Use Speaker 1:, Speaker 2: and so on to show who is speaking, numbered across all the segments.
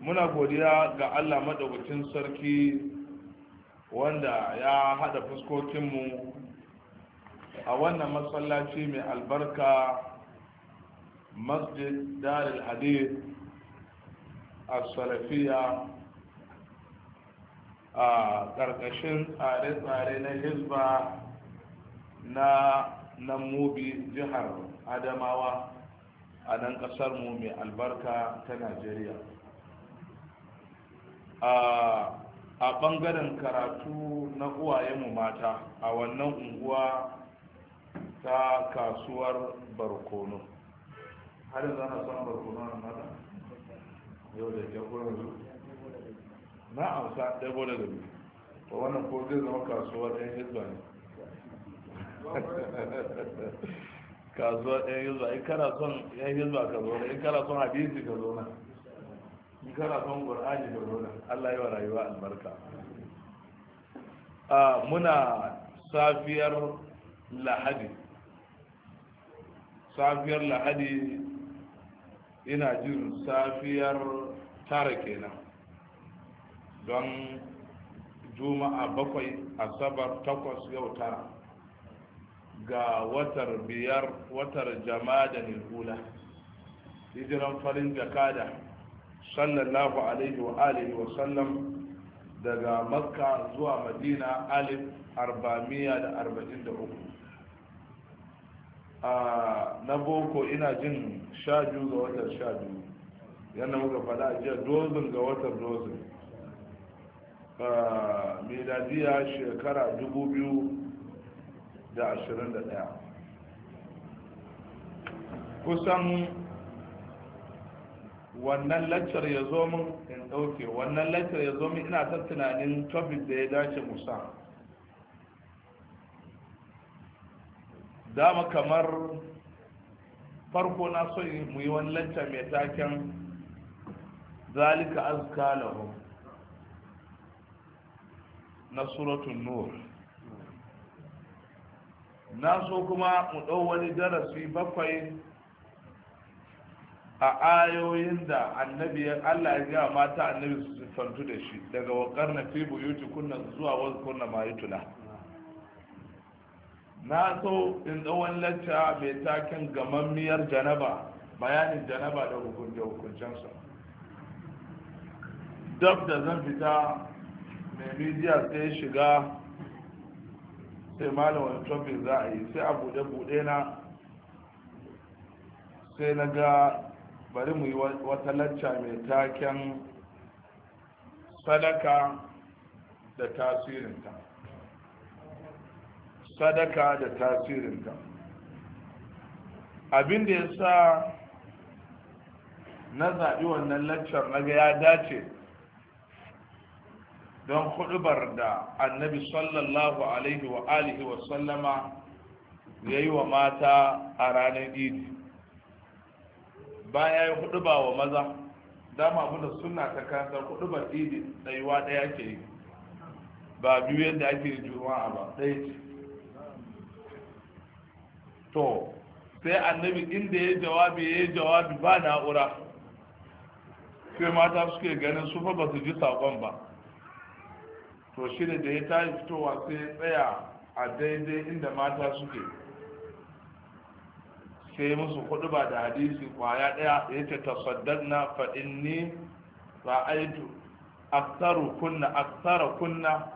Speaker 1: muna godiya ga allah maɗaukacin sarki wanda ya haɗa fuskokinmu a wannan masallaci mai albarka masjid daril hadith a salafiya a ƙarƙashin tsare-tsare na hizba na namubi jihar adamawa a nan ƙasarmu mai albarka ta najeriya a ɓangaren karatu na uwayenmu mata a wannan unguwa ta kasuwar barkono har yanzu ana son barkono na mata yau da jagoran su na amsa ɗago da gabi to wannan ko zai zama kasuwar ɗan hizba ne kasuwar ɗan hizba in kana son ɗan hizba ka zo in kana son hadisi ka zo na in son da rola Allah wa rayuwa albarka a muna safiyar lahadi safiyar lahadi ina jin safiyar tara kenan don juma'a bakwai asabar takwas yau tara
Speaker 2: ga watar biyar watar
Speaker 1: jama'a da nilkula hijiran farin jakada sallallahu alaihi wa alihi wa sallam daga makka zuwa madina alif 443 da arba'in da uku na boko ina jin sha biyu ga watan sha biyu yadda muka faɗa jiya dozin ga watan dozin miladiya shekara dubu biyu da ashirin da ɗaya kusan wannan lantar ya zo min in dauke wannan laccar ya zo min ina ta tunanin topic da ya dace musa dama kamar farko na so mu yi wani lacca mai taken zalika azka lahu na suratun nur na so kuma mu dau wani darasi bakwai a ayoyin da annabi Allah ya ga mata annabi su fantu da shi daga wakar na fi buyuti kunna zuwa wasu kunna ma tula. na so in tsawon lacca mai taken gamammiyar janaba bayanin janaba da hukunce hukuncensa dab da zan fita mai midiya sai shiga sai wani topic za a yi sai a bude-bude na sai na ga bari mu yi wata lacca mai taken sadaka da tasirinta sadaka da tasirinta ya sa na zaɓi wannan laccar na ga ya dace don hudubar da annabi sallallahu alaihi wa alihi wa sallama ya yi wa mata a ranar idi baya ya hudu ba wa maza dama abinda suna ta kasar hudu ba ɗidi ɗaiwa ɗaya ke yi ba biyu yadda ake yi juma'a ba ɗaya ce to sai annabi inda ya jawabi ya yi jawabi ba na'ura sai mata suke ganin su fa ba su ji saƙon ba to shi da ya tashi fitowa sai tsaya a daidai inda mata suke sai musu hudu ba da hadisi kwaya daya ya ce na faɗin inni ra'aitu aktharu kunna Aksara kunna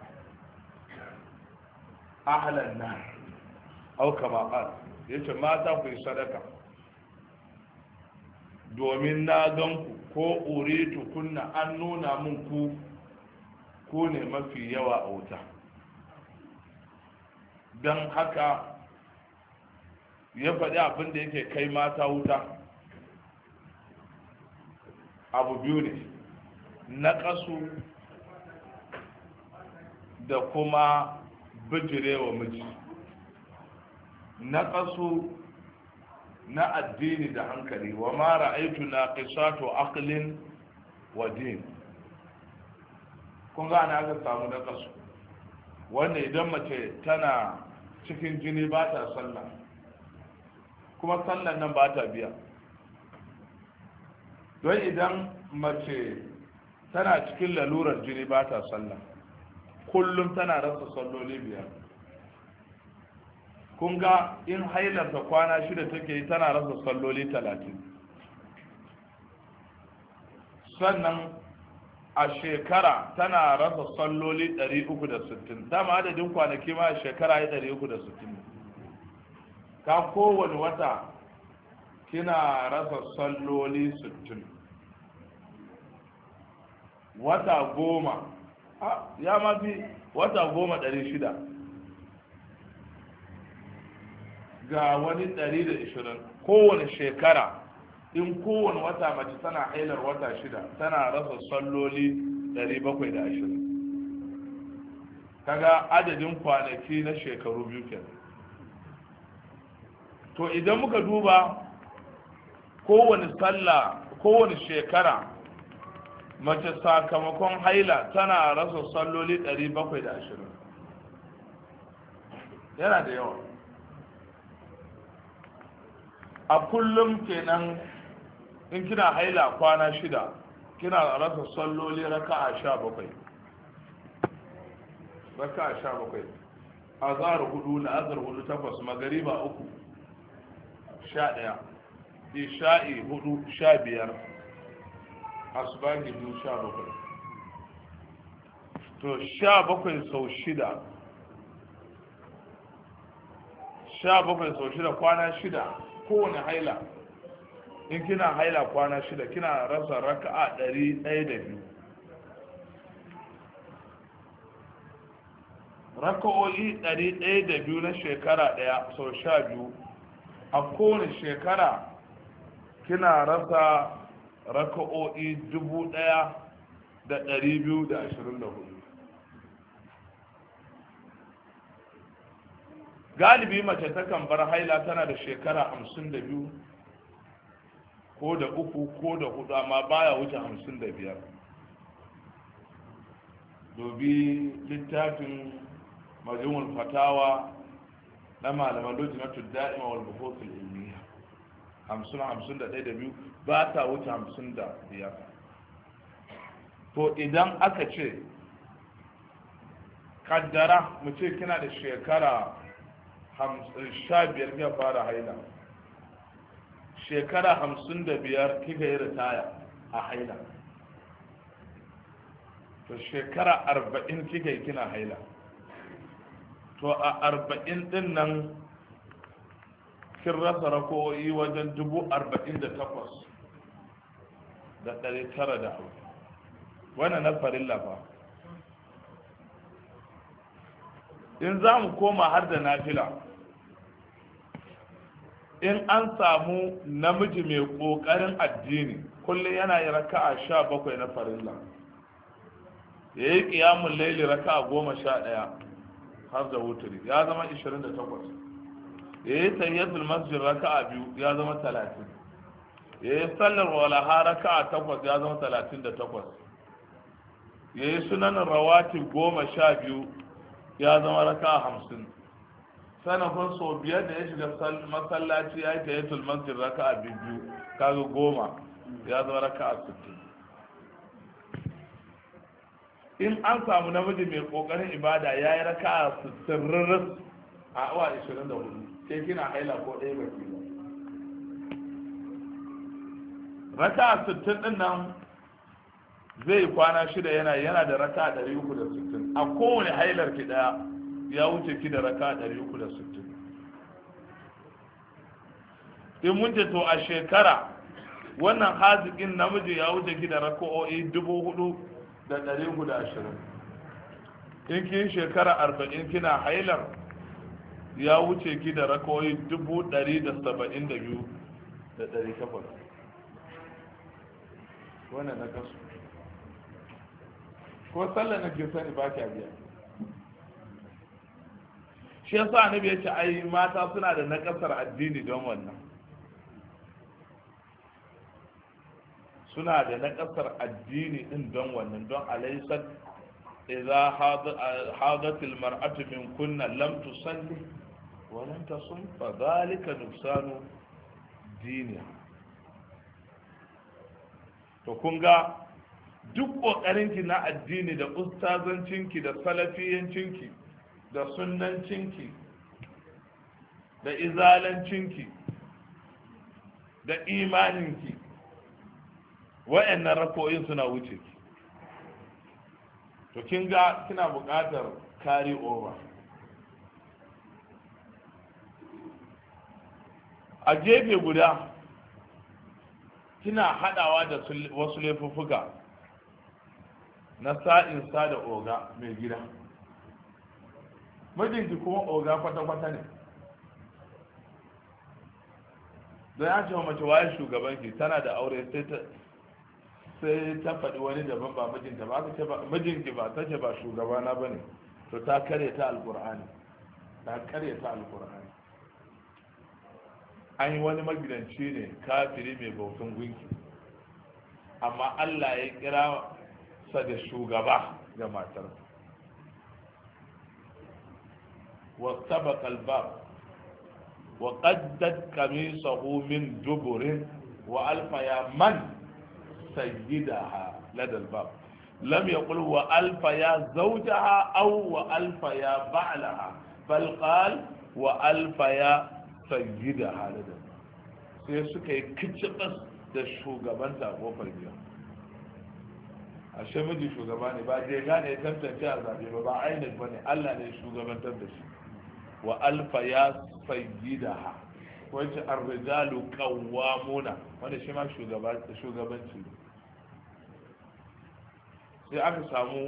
Speaker 1: ahlan nar auka ba ya yace mata ku yi sadaka domin na gan ku ko uritu kunna an nuna mun ku ku ne mafi yawa a wuta don haka ya faɗi abin da yake kai mata wuta abu biyu ne na ƙasu da kuma bijirewa miji na ƙasu na addini da hankali wa mara aitu na ƙisato aklin wa din kun gane aka samu na ƙasu wanda idan mace tana cikin jini ba ta sallah kuma sallan nan ba ta biya don idan mace tana cikin lalurar jini ba ta sallah kullum tana rasa salloli biyar kun ga in hailarta kwana shida take yi tana rasa salloli talatin sannan a shekara tana rasa salloli 360 dama adadin kwanaki ma a shekara ya 360 ka kowane wata kina rasa salloli sittin wata goma ya mafi wata goma ɗari shida ga wani dari da ishirin kowane shekara in kowane wata mace tana hailar wata shida tana rasa salloli dari bakwai da ashirin kaga adadin kwanaki na shekaru biyu kenan to idan muka duba kowane sallah kowane shekara mace sakamakon haila tana rasa salloli 720 yana da yawa a kullum kenan in kina haila kwana shida kina rasa salloli raka a sha bakwai raka a sha bakwai azhar hudu na azar hudu takwas magariba uku sha isha'i hudu sha biyar asubahi biyu sha bakwai to sha bakwai sau shida sha bakwai sau shida kwana shida kowane haila in kina haila kwana shida kina rasa raka'a ɗari ɗaya da biyu raka'o'i ɗari ɗaya da biyu na shekara ɗaya sau sha biyu a kowane shekara kina rasa raka'o'i dubu ɗaya da ɗari biyu da ashirin da hudu galibi mace takan bar haila tana da shekara hamsin da biyu ko da uku ko da hudu amma baya wuce hamsin da biyar dobi littafin majimul fatawa na malaman lojinatu da'ima wal buhutul ilmiya hamsin hamsin da ɗaya da biyu ba ta wuce hamsin da biyar to idan aka ce kaddara mu ce kina da shekara sha biyar kika fara haila shekara hamsin da biyar kika yi ritaya a haila to shekara arba'in kika yi kina haila to a arba'in din nan kin rasa rako'i wajen dubu arba'in da takwas da ɗari tara da hau wani na farin lafa? in za mu koma har da nafila in an samu namiji mai ƙoƙarin addini kullum yana yi raka a sha bakwai na farin lafa. ya yi ƙiyamun laili a goma sha ɗaya har da wuturi ya zama 28 ya yi tayyatul masjid a biyu ya zama 30 ya yi sallar walaha a takwas ya zama 38 ya yi sunanin rawati goma sha biyu ya zama raka a hamsin sanafin sau biyar da ya shiga masallaci ya yi tayyatul masjid a biyu kaga goma ya zama raka a sittin in an samu namiji mai kokarin ibada ya yi raka a sirririn a awa 24 sai kina haila ko ɗaya ba ke raka sittin ɗin nan zai kwana shida yana yana da raka a 360 a kowane hailar ki ɗaya ya wuce ki da raka a 360 in mun to a shekara wannan haziƙin namiji ya wuce ki da rako'o'i dubu hudu da ɗari guda ashirin in kin shekara arba'in kina hailar ya wuce ki da rakoyi dubu ɗari da saba'in da biyu da ɗari takwas wannan na kasu ko sallar na ke sani ba kya biya shi yasa annabi ya ce ai mata suna da nakasar addini don wannan suna da naƙasar addini din don wannan don alaisar idza hadatil mar'atu min kunna lam tusalli wa lam tasum fa dhalika nuqsanu diniha to kun ga duk ki na addini da ustazancin ki da salafiyancin ki da ki da izalancin ki da imanin ki. wayannan rakoyin suna wuce to kin ga kina buƙatar carry over a gefe guda kina haɗawa da wasu laifuffuka na sa da oga mai gida mijinki kuma oga kwata-kwata ne don ya ce mace waye shugabanki tana da aure sai ta. sai ta faɗi wani daban ba mijinta ba aka ce ba mijinki ba ta ce ba shugabana ba ne to ta karya ta Alƙur'ani, ta karya ta Alƙur'ani. an yi wani magidanci ne kafiri mai bautan gunki amma allah ya kira sa da shugaba ga matar wasaba kalbab wa qaddat qamisahu min duburin wa alfa ya man sayyidaha ladal bab lam yaqul wa alfa ya zawjaha aw wa alfa ya ba'laha bal qal wa alfa ya ladal sai suka yi kicikas da shugaban ta kofar gidan a miji shugaba ne ba je gane tantance a zabe ba ba ainih bane Allah ne shugabantar da shi wa alfa ya sayyidaha wacce arrijalu qawwamuna wanda shi ma shugabanci sai aka samu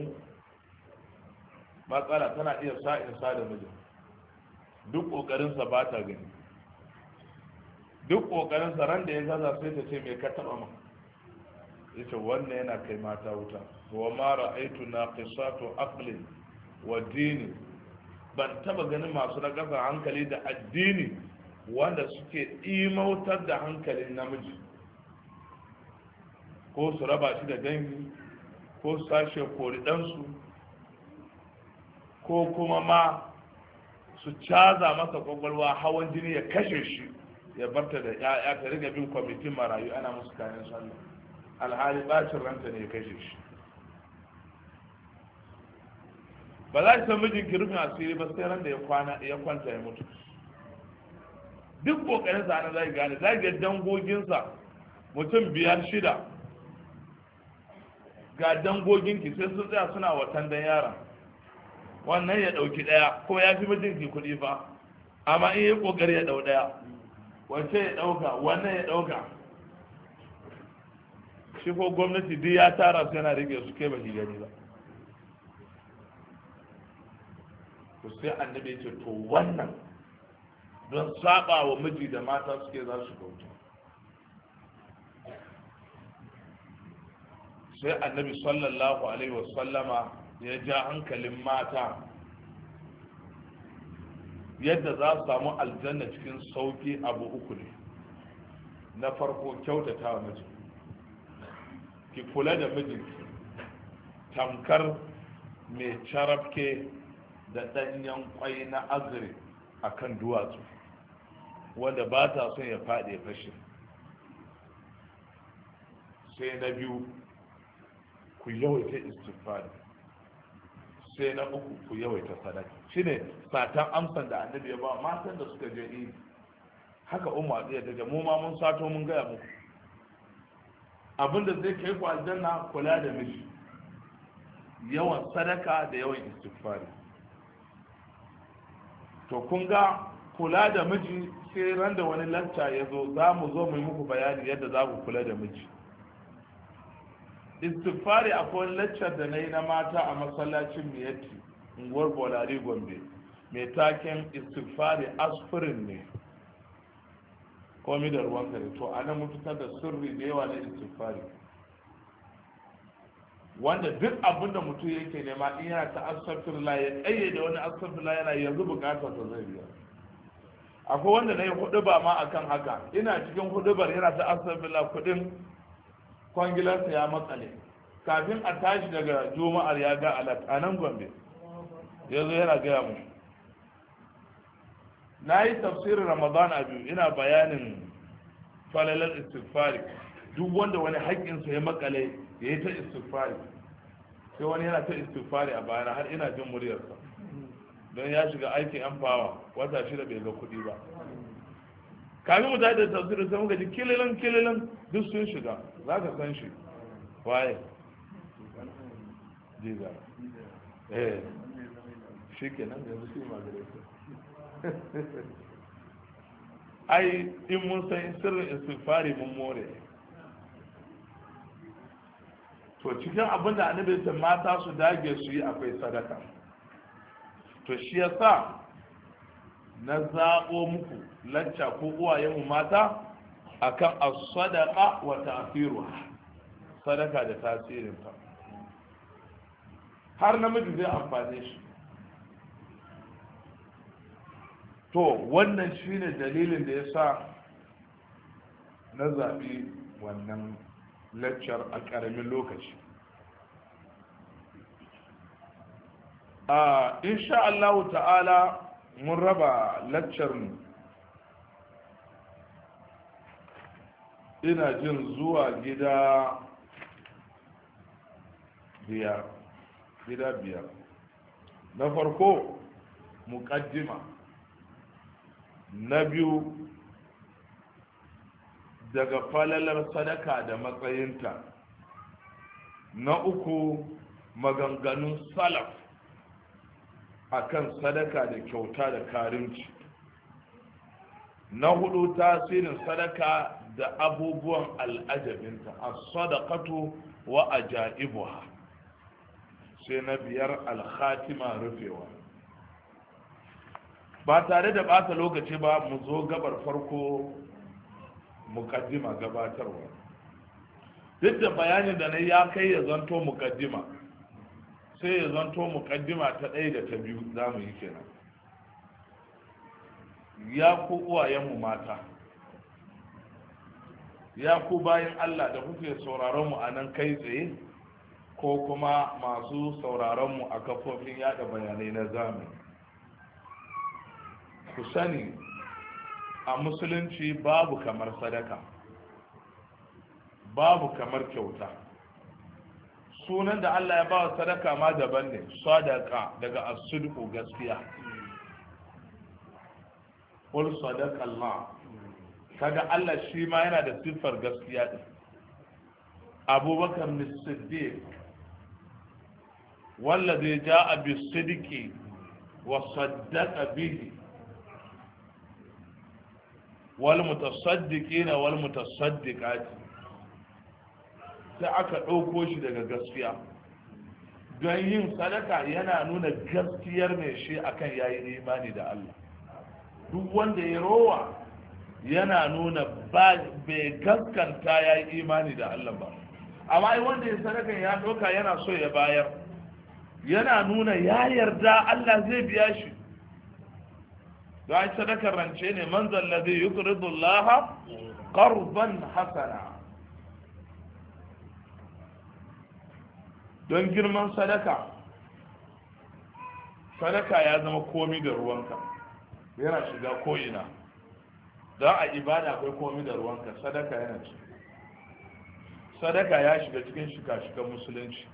Speaker 1: matsala tana iya sa in sa da mijin duk ƙoƙarinsa ba ta gani duk ƙoƙarinsa ran da ya zaza sai ta ce mai ka taɓa ma yace wannan yana kai mata wuta wa ma ra'aytu naqisatu aqlin wa dini ban taba ganin masu nakasa hankali da addini wanda suke imautar da hankalin namiji ko su raba shi da dangi ko su tashi ko kuma ma su caza masa kwakwalwa hawan jini ya kashe shi ya barta da ya ta riga bin kwamitin marayu ana musu kayan sallah alhali bacin ranta ne ya kashe shi ba za ki san mijin ki rufin asiri ba sai ran da ya kwanta ya mutu duk kokarin sa ana zai gane zai ga dangoginsa mutum biyar shida ga dangoginki sai sun tsaya suna watan dan yaron wannan ya ɗauki ɗaya ko ya fi mijinki kuɗi fa amma in yi ƙoƙari ya dau ɗaya Wace ya ɗauka wannan ya ɗauka shi ko gwamnati duk ya tara su yana rike su kai ba shi gani ba to sai annabi ce to wannan don saba wa miji da mata suke za su bauta. sai annabi sallallahu alaihi wasallama ya ja hankalin mata yadda za su samu aljanna cikin sauki abu uku ne na farko kyautata wa miji ki kula da miji tamkar mai carafke da ɗanyen kwai na azuri a kan duwatsu wanda ba ta son ya faɗi fashe sai na biyu ku yawaita istighfar sai na uku ku yawaita sadaka shine satan amsan da annabi ya ba matan da suka je idi haka umma ya daga mu ma mun sato mun gaya muku abinda zai kai ku aljanna kula da miji yawan sadaka da yawan istighfari to kun ga kula da miji sai ran da wani lanta ya zo za mu zo mu yi muku bayani yadda za ku kula da miji a akwai laccar da na yi na mata a masallacin miyatti unguwar bolari gombe mai taken istighfari aspirin ne komi da ruwan gari to a mun fitar da sirri da yawa na istighfari wanda duk abin da mutum yake nema in yana ta astaghfirullah ya ɗaya da wani la yana yanzu bukata ta zai biya akwai wanda na yi hudu ba ma akan haka ina cikin hudubar yana ta astaghfirullah kudin kwangilarsa ya matsale kafin a tashi daga juma'ar ya ga alat a nan gombe ya zo yana gaya mu na yi tafsirin ramadan a biyu ina bayanin falalar istifari duk wanda wani haƙƙinsa ya makale ya yi ta istifari sai wani yana ta istifari a bayana har ina jin muryarsa don ya shiga aikin yan fawa wata shida bai ga kuɗi ba kafin mu tafi da tafsirin sai muka ji kililin kililin duk sun shiga za ka san shi waye jiza eh shi ke nan yanzu shi ma gare ai in mun san sirrin istighfari mun more to cikin abin da annabi ta mata su dage su yi akwai sadaka to shi yasa na zaɓo muku lacca ko uwayenmu mata akan as-sadaqa wa ta'thiruha sadaka da tasirinta har namiji zai amfane shi to wannan shine dalilin da ya sa na zaɓi wannan laccar a ƙaramin lokaci a ah, insha Allah ta'ala mun raba laccar mu ina jin zuwa gida biyar gida biyar na farko muƙaddima na biyu daga falalar sadaka da matsayinta na uku maganganun salaf akan sadaka da kyauta da karimci na hudu tasirin sadaka da abubuwan al'ajabinta a sadakatu wa ja'ibuwa sai na biyar alhatima rufewa ba tare da bata lokaci ba mu zo gabar farko mukaddima gabatarwa duk da bayanin da na ya kai ya zanto mukaddima sai ya zanto mukaddima ta ɗaya da ta biyu za mu yi kenan ya ku uwayenmu mata ya ku bayan Allah da kuke sauraron mu a nan kai tsaye ko kuma masu sauraron mu a kafofin yada bayanai na zamani ku sani a musulunci babu kamar sadaka babu kamar kyauta sunan da Allah ya bawa sadaka ma daban ne sadaka daga asudu gaskiya Kul sadaka Allah kaga Allah shi ma yana da siffar gaskiya din abubakar siddiq ja ja'a bisidqi wa saddaqa bihi wal mutasaddiqina wal mutasaddiqati sai aka ɗauko shi daga gaskiya don yin sadaka yana nuna gaskiyar mai shi akan yayi imani da Allah duk wanda ya rowa yana nuna bai gaskanta ya yi imani da Allah ba amma wanda ya sadaka ya ɗauka yana so ya bayar yana nuna ya yarda Allah zai biya shi don ai sadakar rance ne man zallazi yukridu Allah hasana don girman sadaka sadaka ya zama komi da ruwanka yana shiga ko'ina don a ibada akwai komi da ruwanka sadaka yana ci sadaka ya shiga cikin shika-shikan musulunci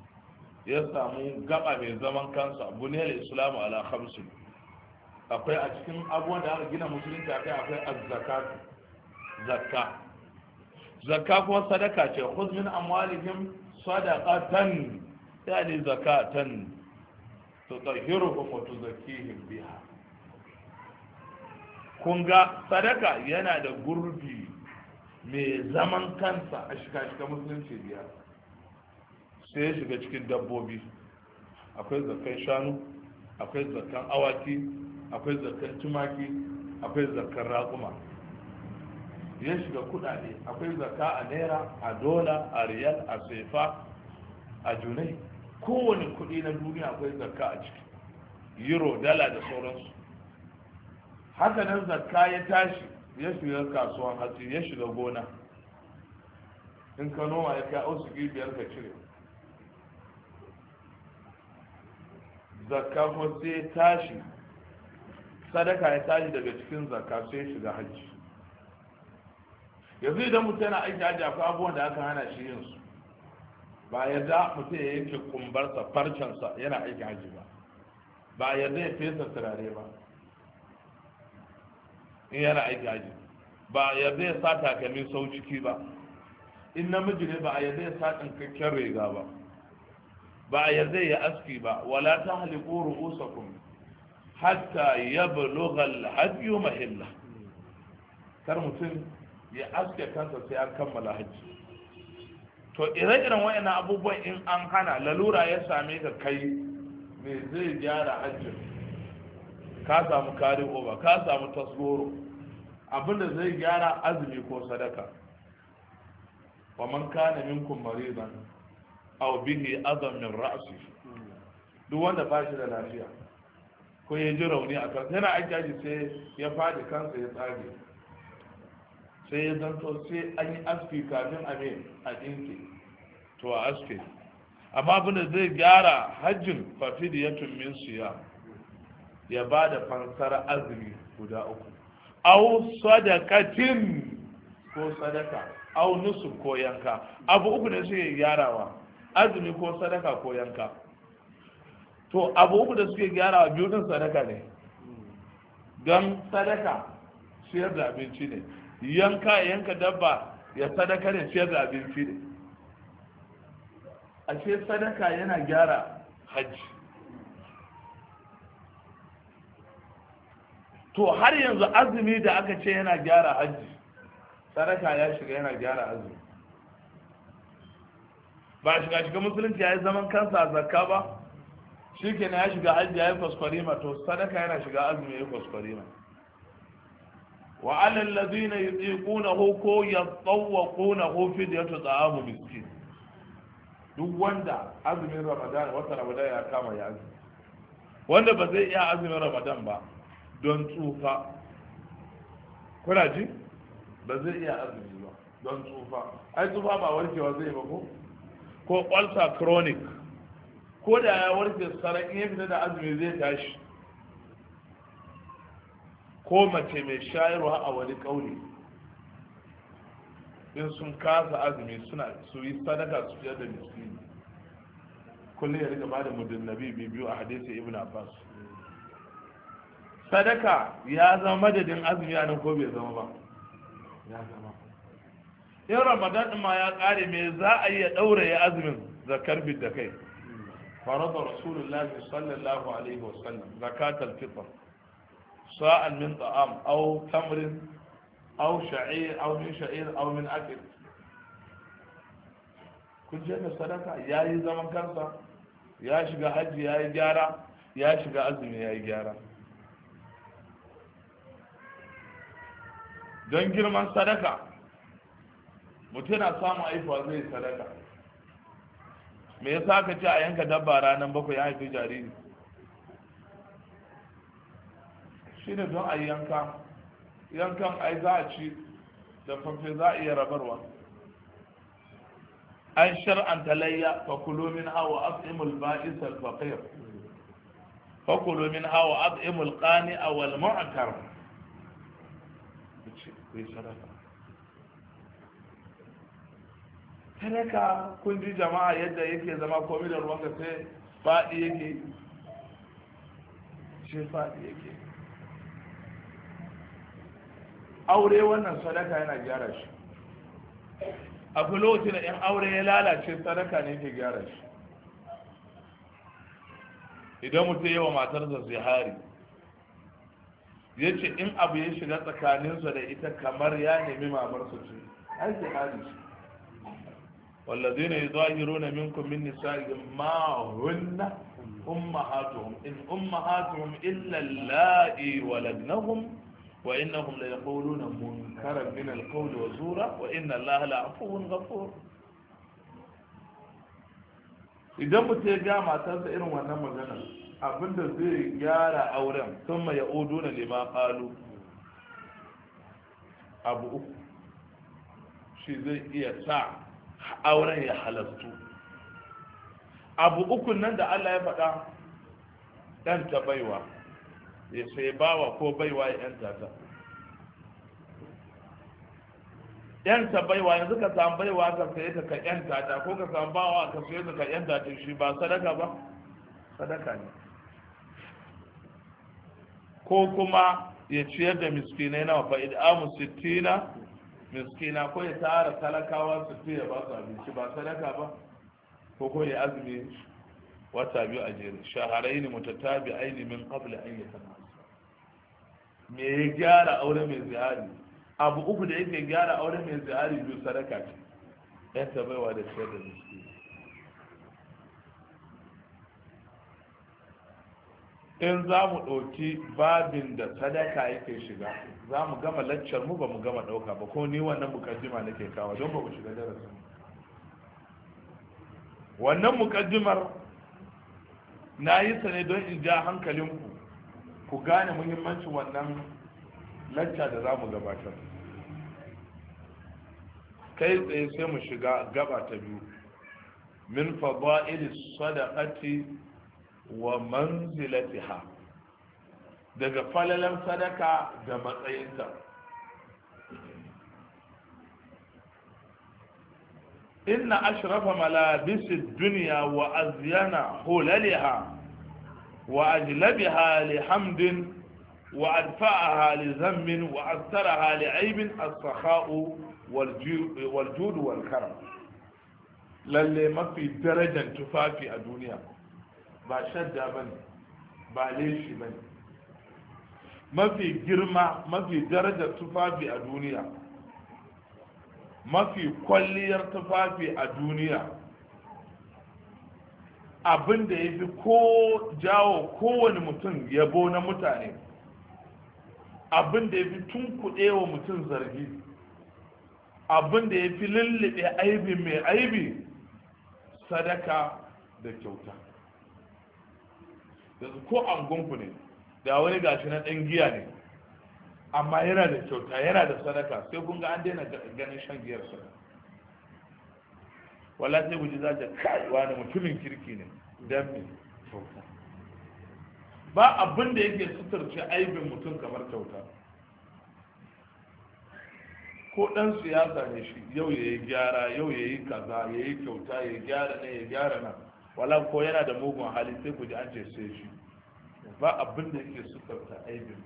Speaker 1: ya samu gaba mai zaman kansa buniyar islamu ala hamsin akwai a cikin abubuwan da aka gina musulunci akai akwai azzakatu zakka zakka kuma sadaka ce khudh min amwalihim sadaqatan yani zakatan tutahhiruhum wa tuzakkihim biha kun ga sadaka yana da gurbi mai zaman kansa a shika-shika musulunci biyar sai ya shiga cikin dabbobi akwai zakan shanu akwai zakan awaki akwai zakan tumaki akwai zakan raƙuma ya shiga kuɗaɗe akwai zaka a naira a dola a riyal a sefa a junai kowane kuɗi na duniya akwai zaka a ciki euro dala da sauransu haka nan zakka ya tashi ya shiga kasuwan hatsi ya shiga gona in ka noma ya kai ausu biyar ka cire zakka ko sai ya tashi sadaka ya tashi daga cikin zakka sai ya shiga hajji yanzu idan mutum yana aiki hajji akwai abubuwan da aka hana shi yin su ba yadda mutum ya yanke kumbarsa farcensa yana aiki hajji ba ba yadda ya fesa turare ba in yana aiki haji ba ya zai sa takalmin sau ciki ba in namiji ne ba ya zai sa ɗinkakken riga ba ba ya zai yi aski ba wala ta haliku kuma hatta yablugha al-hajju mahilla kar mutum ya aske kansa sai an kammala hajji to ire-iren wayannan abubuwan in an hana lalura ya same ka kai me zai gyara hajjin ka samu kari oba ka samu tasgoro abinda zai gyara azumi ko sadaka wa man kana minkum maridan aw bihi adam min ra'si duk wanda ba shi da lafiya ko ya ji rauni a kan yana aji sai ya fadi kansa ya tsage sai ya zanto sai an yi aski kafin a me a dinki to a aski amma abinda zai gyara hajjin fafidiyatun min siyam ya ba da fansar azumi guda uku au sadakatin ko sadaka au nusu ko yanka abu uku da suke gyarawa azumi ko sadaka ko yanka to abu uku da suke gyarawa biyu din sadaka ne don sadaka siyar da abinci ne yanka yanka dabba ya sadaka ne siyar da abinci ne ashe sadaka yana gyara hajji to har yanzu azumi da aka ce yana gyara hajji sadaka ya shiga yana gyara azumi ba shiga shiga musulunci ya yi zaman kansa a zakka ba shi ke ya shiga hajji ya yi kwaskwarima to sadaka yana shiga azumi ya yi kwaskwarima wa alal ladina hu ko fi diyatu ta'amu miskin duk wanda azumin ramadan wata ramadan ya kama ya azumi wanda ba zai iya azumin ramadan ba don tsufa kuna ji ba zai iya azumi ba don tsufa ai tsufa ba warkewa zai ba ko ko ulcer chronic ko da ya warke sarar ya fita da azumi zai tashi ko mace mai shayarwa a wani ƙauni in sun kasa azumi suna su yi sadaka su fiye da miskini kullum ya rika ba da mudin nabi biyu a hadisi ibn abbas sadaka ya zama madadin azumi a nan ko bai zama ba ya zama in ramadan din ma ya kare me za a iya ya azumin zakar bid da kai farada rasulullahi sallallahu alaihi sallam zakat al-fitr sa'an min ta'am aw tamrin aw sha'ir aw min sha'ir aw min akl kun je da sadaka yayi zaman kansa ya shiga hajji yayi gyara ya shiga azumi yayi gyara don girman sadaka mutum na samun haifuwa zai sadaka me yasa ka ce a yanka dabba ranar bakwai ya haifi jariri shi ne don a yi yanka yankan ai za a ci da fafe za a iya rabarwa an shar'anta layya fa min hawa at'imul ba'is al faqir fa min hawa at'imul qani aw al mu'tar ku sadaka sadaka kun ji jama'a yadda yake zama komai da ruwanka sai faɗi yake shi faɗi yake aure wannan sadaka yana gyara shi akwai lokacin da 'yan aure ya lalace sadaka ne ke gyara shi idan mutum yawa matar da Yace in abu ya shiga tsakaninsu da ita kamar ya nemi mamarsu ce an ce hali shi ne ya zahiro na minkun min nisa'i ma'ahunna ummahatuhum in ummahatuhum illa la'i waladnahum wa innahum la yaquluna munkaran min alqawl wa zura wa inna allaha la afuwun ghafur idan mutum ya ga matarsa irin wannan maganar. abinda zai gyara auren sun ma ya'udu na lima ƙalu abu uku shi zai iya sa auren ya halastu abu uku nan da allah ya faɗa ɗan ta baiwa ya sai bawa ko baiwa ya ‘yanta ta ‘yanta baiwa yanzu ka samu baiwa ka saye ta ka ‘yanta ta ko ka samu bawa ka saye ta ka ‘yanta ta shi ba sadaka ba sadaka ne ko kuma ya ciyar da miskinai nawa fa amu sittina miskina ko ya tara talakawa su ya ba su abinci ba sadaka ba ko ko ya azumi wata biyu a jere shaharain aini min kabla an yatamassa me ya gyara aure mai zihari abu uku da yake gyara aure mai zihari biyu sadaka ce yan tabaiwa da ciyar da miskina in za mu ɗauki babin da sadaka yake shiga za mu gama laccar mu ba mu gama ɗauka ba ko ni wannan mukaddima nake kawo don ba mu shiga darasin wannan mukaddimar na yi sane ne don in ja hankalinku ku gane muhimmancin wannan lacca da za mu gabatar kai tsaye sai mu shiga gaba ta biyu min fadailis sadaqati wa manzilatiha daga falalan sadaka da matsayinta inna ashrafa malabisid duniya wa azyana hulaliha wa ajlabiha li hamdin wa adfa'aha li zammin wa astaraha li aibin as-sakha'u wal judu wal karam lalle mafi darajan tufafi a duniya ba shadda ba ne ba leshi ba ne mafi girma mafi daraja tufafi a duniya mafi kwalliyar tufafi a duniya abin da ya fi ko jawo kowane mutum yabo na mutane abin da ya fi tun wa mutum zargi abin da ya fi lullube aibi mai aibi sadaka da kyauta da ko angonku ne da wani gashi na ɗan giya ne amma yana da kyauta yana da sadaka sai kun ga an daina ganin shan giyar sa wala sai guji za ta kaiwa mutumin kirki ne dan me kyauta ba abin da yake suturce aibin mutum kamar kyauta ko dan siyasa ne shi yau yayi gyara yau yayi kaza yayi kyauta yayi gyara ne ya gyara nan walan ko yana da mugun hali sai ku ji an ce sai shi ba abin da yake sukarta aibin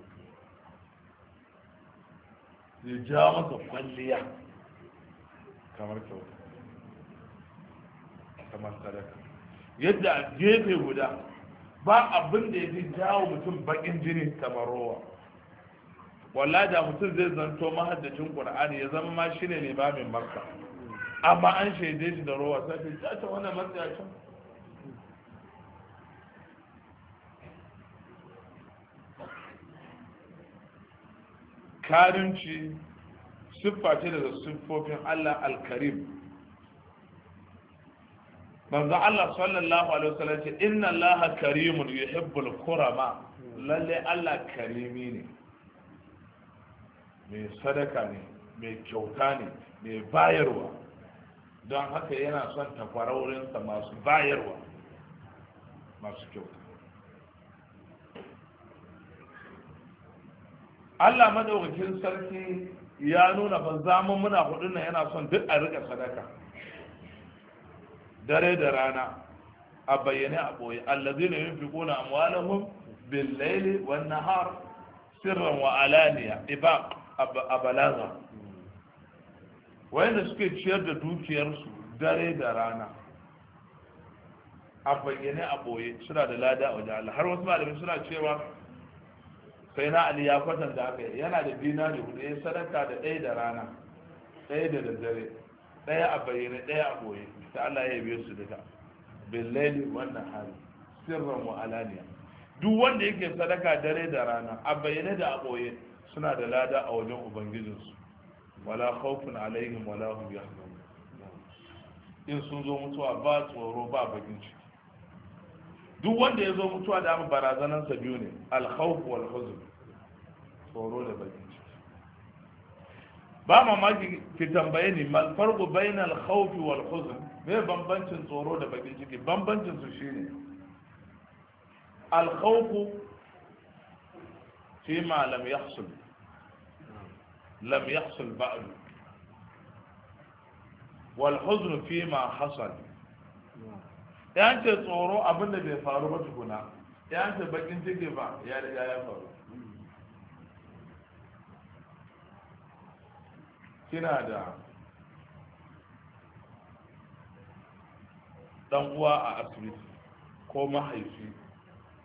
Speaker 1: ya ja masa kwalliya kamar kyauta kamar sadaka yadda a gefe guda ba abin da ya fi jawo mutum bakin jini kamar rowa walla da mutum zai zanto mahaddacin qur'ani ya zama ma shine limamin makka amma an shaide shi da rowa sai ta ta wannan matsayacin karinci siffa ce daga siffofin Allah al-karim Allah sallallahu alaihi wasallam ce inna Allah karimun yuhibbul kurama lalle Allah karimi ne mai sadaka ne mai kyauta ne mai bayarwa don haka yana son takwaraurinsa masu bayarwa masu kyauta Allah madaukakin sarki ya nuna ban zaman muna hudu nan yana son duk a rika sadaka dare da rana a bayyane a boye allazi ne yin fiƙuna amwalahum bil laili wan nahar sirran wa alaniya ibaq a Balaza. Wanda suke ciyar da dukiyarsu dare da rana a bayyane a boye suna da lada a wajen Allah har wasu malamin suna cewa kai na ali ya kwatanta haka yana da da hudu ya sadaka da ɗaya da rana ɗaya da daddare ɗaya a bayyane ɗaya a ɓoye ta Allah ya biyo su duka billahi wannan hali sirran wa alaniya duk wanda yake sadaka dare da rana a bayyane da a ɓoye suna da lada a wajen ubangijinsu wala khawfun alaihim wala hum yahzanun in sun zo mutuwa ba tsoro ba bakin ciki duk wanda ya zo mutuwa da mu barazanan biyu ne al walhuzun tsoro da bakin ciki ba mamaki ki tambaye ni mal farqu alhauki walhuzun, wal me bambancin tsoro da bakin ciki bambancin su shi ne. Alhauku fi ma lam yahsul lam yahsul ba'd walhuzun fi ma hasala yan ce tsoro abin da bai faru ba tukuna yan ce bakin ciki ba ya riga ya faru kina da dan uwa a asibiti ko mahaifi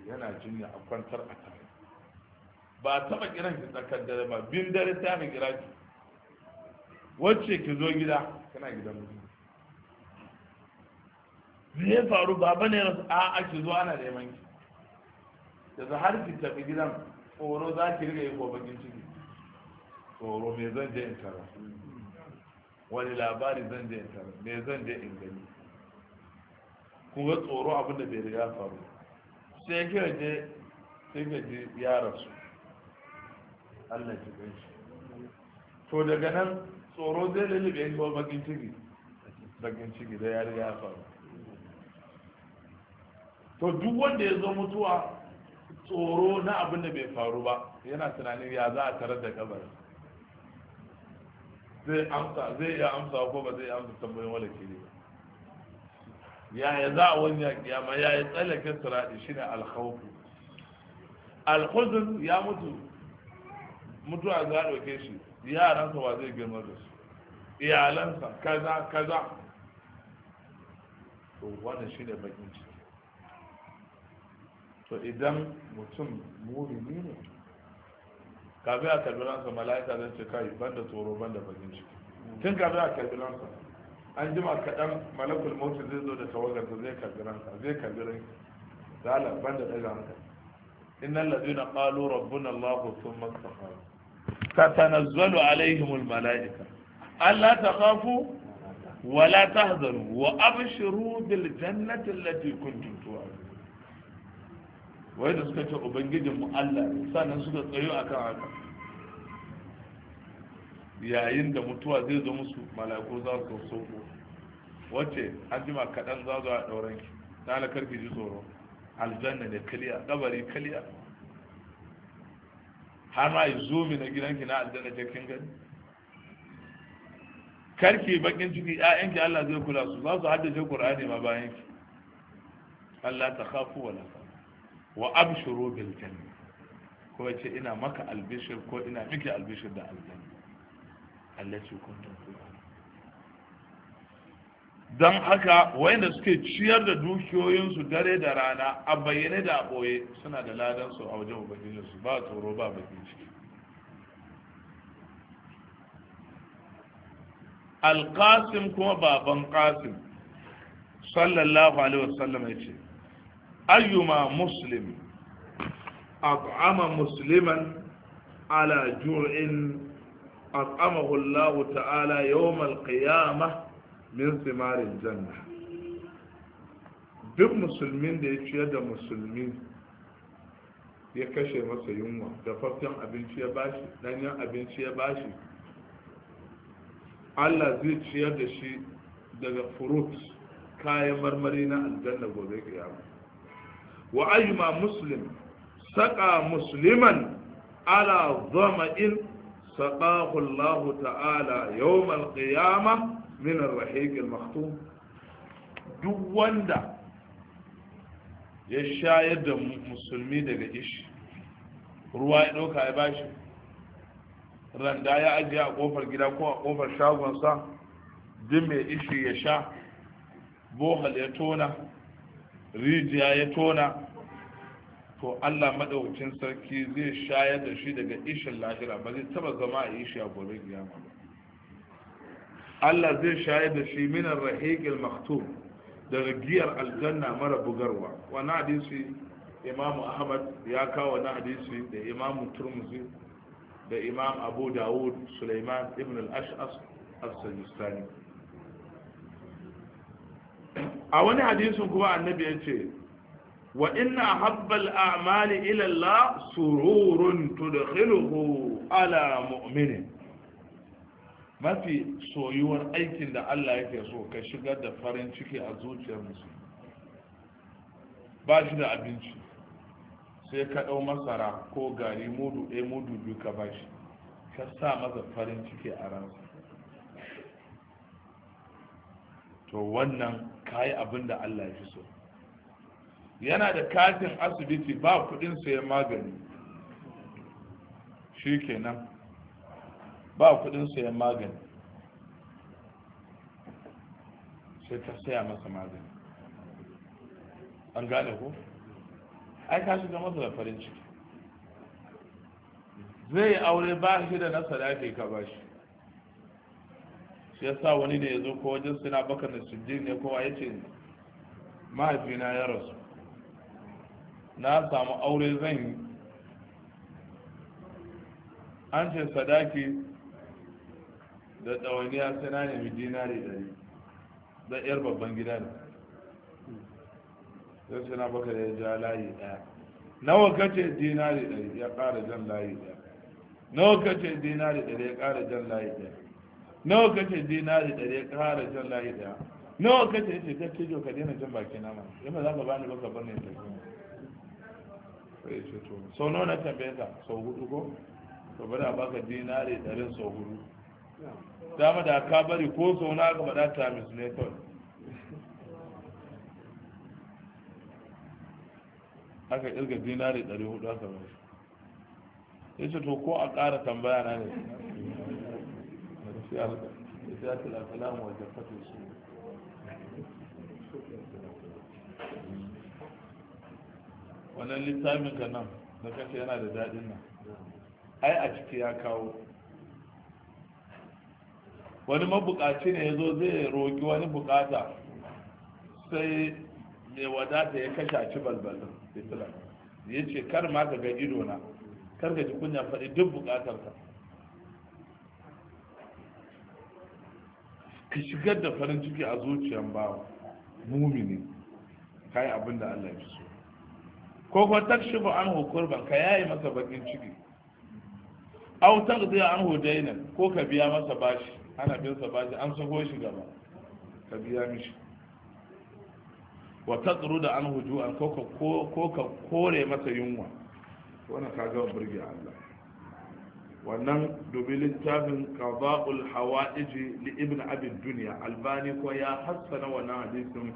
Speaker 1: yana jinya a kwantar a tare ba taba kiran ki tsakar dare ba bin dare ta ka kira ki wacce ki zo gida kana gidan mutum me ya faru baba ne rasu a ake ki zo ana neman ki za har ki tafi gidan tsoro za ki riga yi ko bakin ciki tsoro me zan je in tara wani labari zan je in tara me zan je in gani kuma tsoro abinda bai riga faru sai kira je sai ka ji ya rasu Allah ki gaishe to daga nan tsoro zai yi ko bakin ciki bakin ciki da ya riga faru to duk wanda ya zo mutuwa tsoro na abin da bai faru ba yana tunanin ya za a tarar da kabar zai amsa zai iya amsa ko ba zai amsa tambayin wala ke ne yaya za a wani ya kiyama ya yi tsallake shi ne alkhawfu alhuzun ya mutu mutuwa za a ɗauke shi yaransa ba zai girma da su iyalansa kaza kaza to wannan ne bakin ciki to idan mutum mumini ne kafin a karbi ransa mala'ika zan ce kai ban da tsoro banda bakin ciki tun kafin a karbi ransa an jima kaɗan malakul mautu zai zo da tawagarsa zai karbi ransa zai karbi ransa zala banda ɗaga hankali innal ladina qalu rabbuna allah thumma istaqamu tatanazzalu alaihim al mala'ika alla takhafu ولا تحزنوا وابشروا بالجنه التي كنتم توعدون wai da suka ce ubangijin mu Allah sannan suka tsayo akan haka yayin da mutuwa zai zo musu malako za su sauko wacce an jima kaɗan za zo a ɗauran ki talakar ki ji tsoro aljanna ne kaliya ɗabari kaliya har ma yi zomi na gidanki na aljanna ce kin gani karki bakin ciki ƴaƴanki Allah zai kula su za su haddace Qur'ani ma bayan ki Allah ta khafu wala wa abshuru bil janna ko ce ina maka albishir ko ina miki albishir da aljanna allati kuntum don haka wayanda suke ciyar da dukiyoyinsu dare da rana a bayyane da boye suna da su a wajen su, ba tsoro ba bakin ciki alqasim kuma baban Qasim, sallallahu alaihi wasallam ya ce ayyuma muslim at'ama musliman ala ju'in at'amahu Allah ta'ala yawm al-qiyamah min al janna duk musulmin da ya ciyar da musulmi ya kashe masa yunwa da fafiyan abinci ya bashi danyen abinci ya bashi Allah zai ciyar da shi daga furut kayan marmari na aljanna gobe kiyama wa ayyuma muslim saka musliman ala zama'in saqahu Allah ta'ala yawm al-qiyamah min ar-rahiq al-makhtum duk wanda ya shayar da musulmi daga ishi ruwa ya ɗauka ya bashi randa ya ajiye a ƙofar gida ko a ƙofar shagonsa duk mai ishi ya sha bohal ya tona rijiya ya tona to Allah madaukakin sarki zai shayar da shi daga ishin lahira ba zai taba zama a ishi a gobe kiyama ba Allah zai shayar da shi minar maktub maktum daga giyar aljanna mara bugarwa wani hadisi imamu ahmad ya kawo wani hadisi da imamu turmuzi da imam abu dawud suleiman ibn al-ash'as as-sajistani a wani hadisi kuma annabi ya ce wa inna habbal a'mali ila Allah sururun tudkhiluhu ala mu'minin mafi soyuwar aikin da Allah yake so ka shigar da farin ciki a zuciyar musu ba shi da abinci sai ka ɗau masara ko gari mudu ɗaya eh, mudu biyu ka bashi ka sa masa farin ciki a ransa to wannan kayi abin da Allah ya fi so yana da katin asibiti ba kudin sayan magani shi kenan ba kudin sayan magani sai ta saya masa magani an gane ku? ai ka shiga masa da farin ciki zai aure ba shi da na sadaki ka ba shi shi ya sa wani ne ya zo ko wajen suna bakar da sujjir ne kowa ya ce mahaifina ya rasu na samu aure zan yi an ce sadaki da ɗawaniya sai na nemi dinari ɗari da yar babban gida ne sai suna bakar ya ja layi ɗaya nawa kace dinari ɗari ya ƙara jan layi ɗaya nawa kace dinari ɗari ya ƙara jan layi ɗaya nawa kace dinari ɗari ya hara jan layi ɗaya nawa kace yace ta cijo ka daina jan baki na ma yamma za ka bani baka bar ne ta kuma sai ce to sau nawa na tambaye ka sau hudu ko to bari a baka dinari ɗarin sau hudu
Speaker 3: dama da ka bari ko sau na ka bada ta
Speaker 1: ne kawai aka kirga dinari ɗari hudu aka bari ya ce to ko a ƙara tambaya na ne wannan lissafin ka nan na kashe yana da daɗin nan ai a ciki ya kawo wani mabukaci ne ya zo zai roƙi wani bukata sai mai wadata ya kashe a ci balbalin ya ce kar ma ka ga na, kar ka ji kunya faɗi duk bukatarka ka shigar da farin ciki a zuciyan ba mumini ka yi abin da Allah ya so ko kuma shi ba an ba ka yayi masa bakin ciki au zai an nan, ko ka biya masa bashi ana biyan sa bashi an sako shi gaba ka biya mishi wa tsaro da an hujuwa ko ka kore masa yunwa wani kaga burge Allah wannan dubi littafin qada'ul hawa'iji li ibn abi dunya albani ko ya hassana wannan hadisin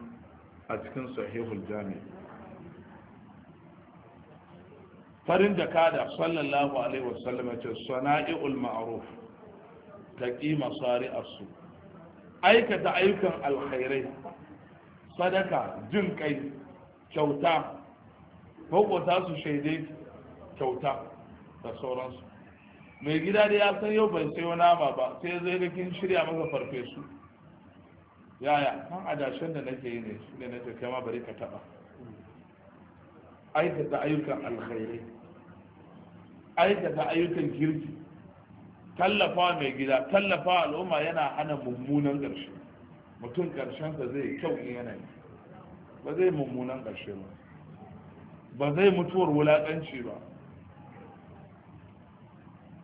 Speaker 1: a cikin sahihul jami farin da kada sallallahu alaihi wasallam ya ce sana'i'ul ma'ruf taqi aikata ayyukan alkhairai sadaka jin kai kyauta ko su shaidai kyauta da sauransu mai gida da ya san yau bai sayo nama ba sai zai ga kin shirya masa farfesu yaya kan adashen da nake yi ne shi ne nake kai ma bari ka taba aikata ayyukan alkhairi, aikata ayyukan girki tallafa mai gida tallafa al'umma yana hana mummunan ƙarshe mutum ƙarshensa zai kyau in yana yi ba zai mummunan ƙarshe ba ba zai mutuwar wulaƙanci ba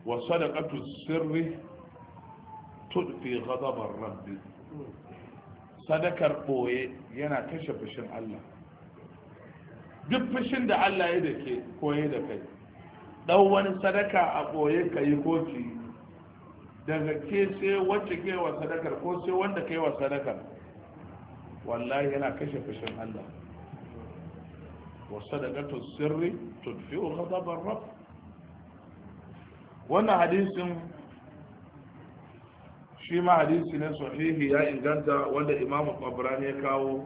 Speaker 1: wa sadaqatu sirri tudfi ghadabar rabbi sadakar boye yana kashe fushin Allah duk fashin da Allah ya dake koye da kai dau wani sadaka a boye kai ko ki daga ke sai wacce ke wa sadakar ko sai wanda ke wa sadakar wallahi yana kashe fushin Allah wa sadaqatu sirri tudfi ghadabar rabbi wannan hadisin shi ma hadisi ne sahihi ya inganta wanda imamu tabrani ya kawo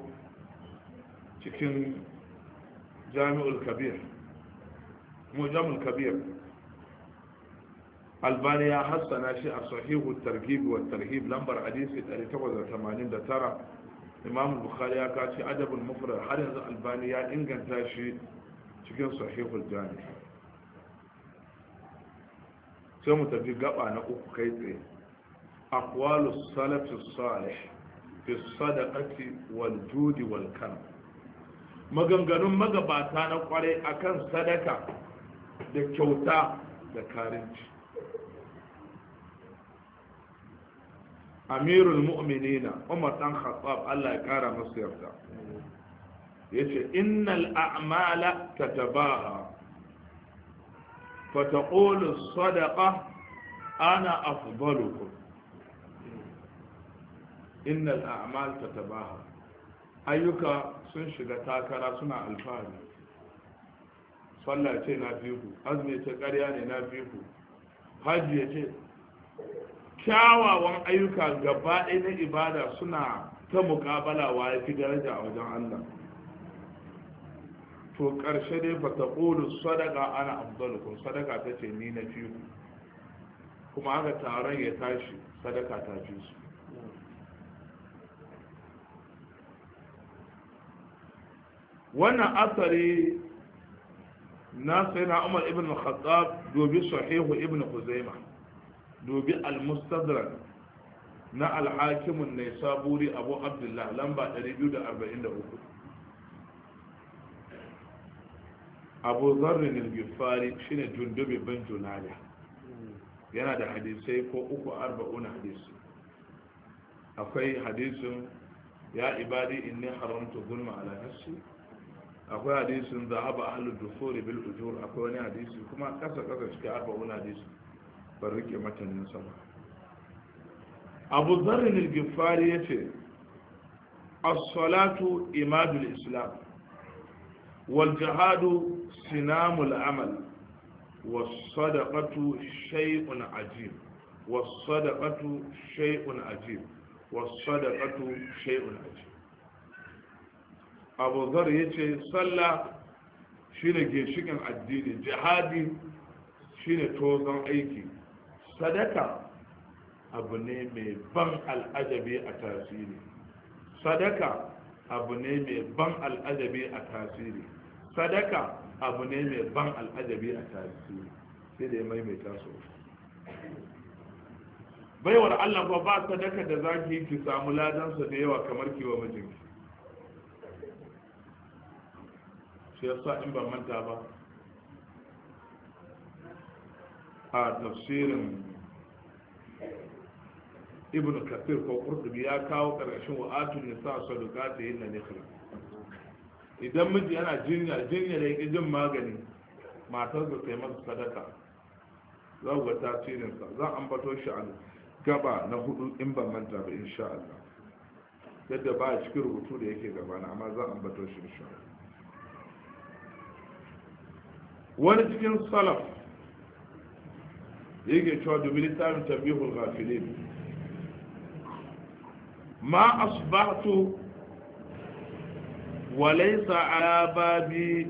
Speaker 1: cikin jami'ul kabir mujamul kabir albani ya hassana shi a sahihu targhib wa tarhib lambar hadisi 889 imamu bukhari ya kaci adabin mufrad har yanzu albani ya inganta shi cikin sahihul jami'a sai mu tafi gaba na uku kai tsaye aqwalu salafi salih fi sadaqati wal judi wal kan maganganun magabata na kware akan sadaka da kyauta da karinci amirul mu'minina umar dan khattab Allah ya kara masa yarda yace innal a'mala tatabaha Fata kolo, soja, ƙara ana afa bariku. Inna ta'amarta ta baha. Ayyukan sun ce na bi Azumi ta karya ni na bi ku. Hajiya ce. Kyawawan ayyuka gaba irin ibada suna ta mukamala wa ya fi daraja a wajen Allah. to ƙarshe dai ba ta ƙolu sadaka ana abdulkun sadaka ta ce ni na fi kuma aka taron ya tashi sadaka ta fi su wannan asari na sai na umar ibn khattab dobi sahihu ibn huzaima dobi al-mustadrak na alhakimun Saburi abu abdullah lamba 243 abu zarrin al-gifari ne jundube ban junaya yana da hadisai ko uku arba'una hadisi akwai hadisin ya ibadi ne haramta zulma ala nafsi akwai hadisin ba halin dufuri bil ujur akwai wani hadisi kuma kasa kasa cikin arba'una hadisi bar rike matanin sama abu zarrin al-gifari yace as-salatu imadul islam wal jihadu sinamul amal wasadaqatu shay'un ajib wasadaqatu shay'un ajib wasadaqatu shay'un ajib Abu Zar yace sallah shine ginshikin addini jihadi shine tozon aiki sadaka abu ne mai ban al'ajabi a tasiri sadaka abu ne mai ban al'ajabi a tasiri sadaka abu ne mai ban al'ajabi a tarihi sai da ya maimaita su baiwar Allah ba ba sadaka da za ki samu ladansa da yawa kamar ki wa mijinki shi sa in ban manta ba a tafsirin ibn kafir ko ya kawo karkashin wa'atun nisa yin na nikra idan miji yana jinya jinya da yake jin magani matar da kai masa sadaka za ku ga tasirin sa za ambato shi a gaba na hudu in ba manta ba insha Allah yadda ba a cikin rubutu da yake gaba na amma za ambato shi insha Allah wani cikin salaf yake cewa domin littafin tabihul ghafilin ma asbahtu walaisa ala babi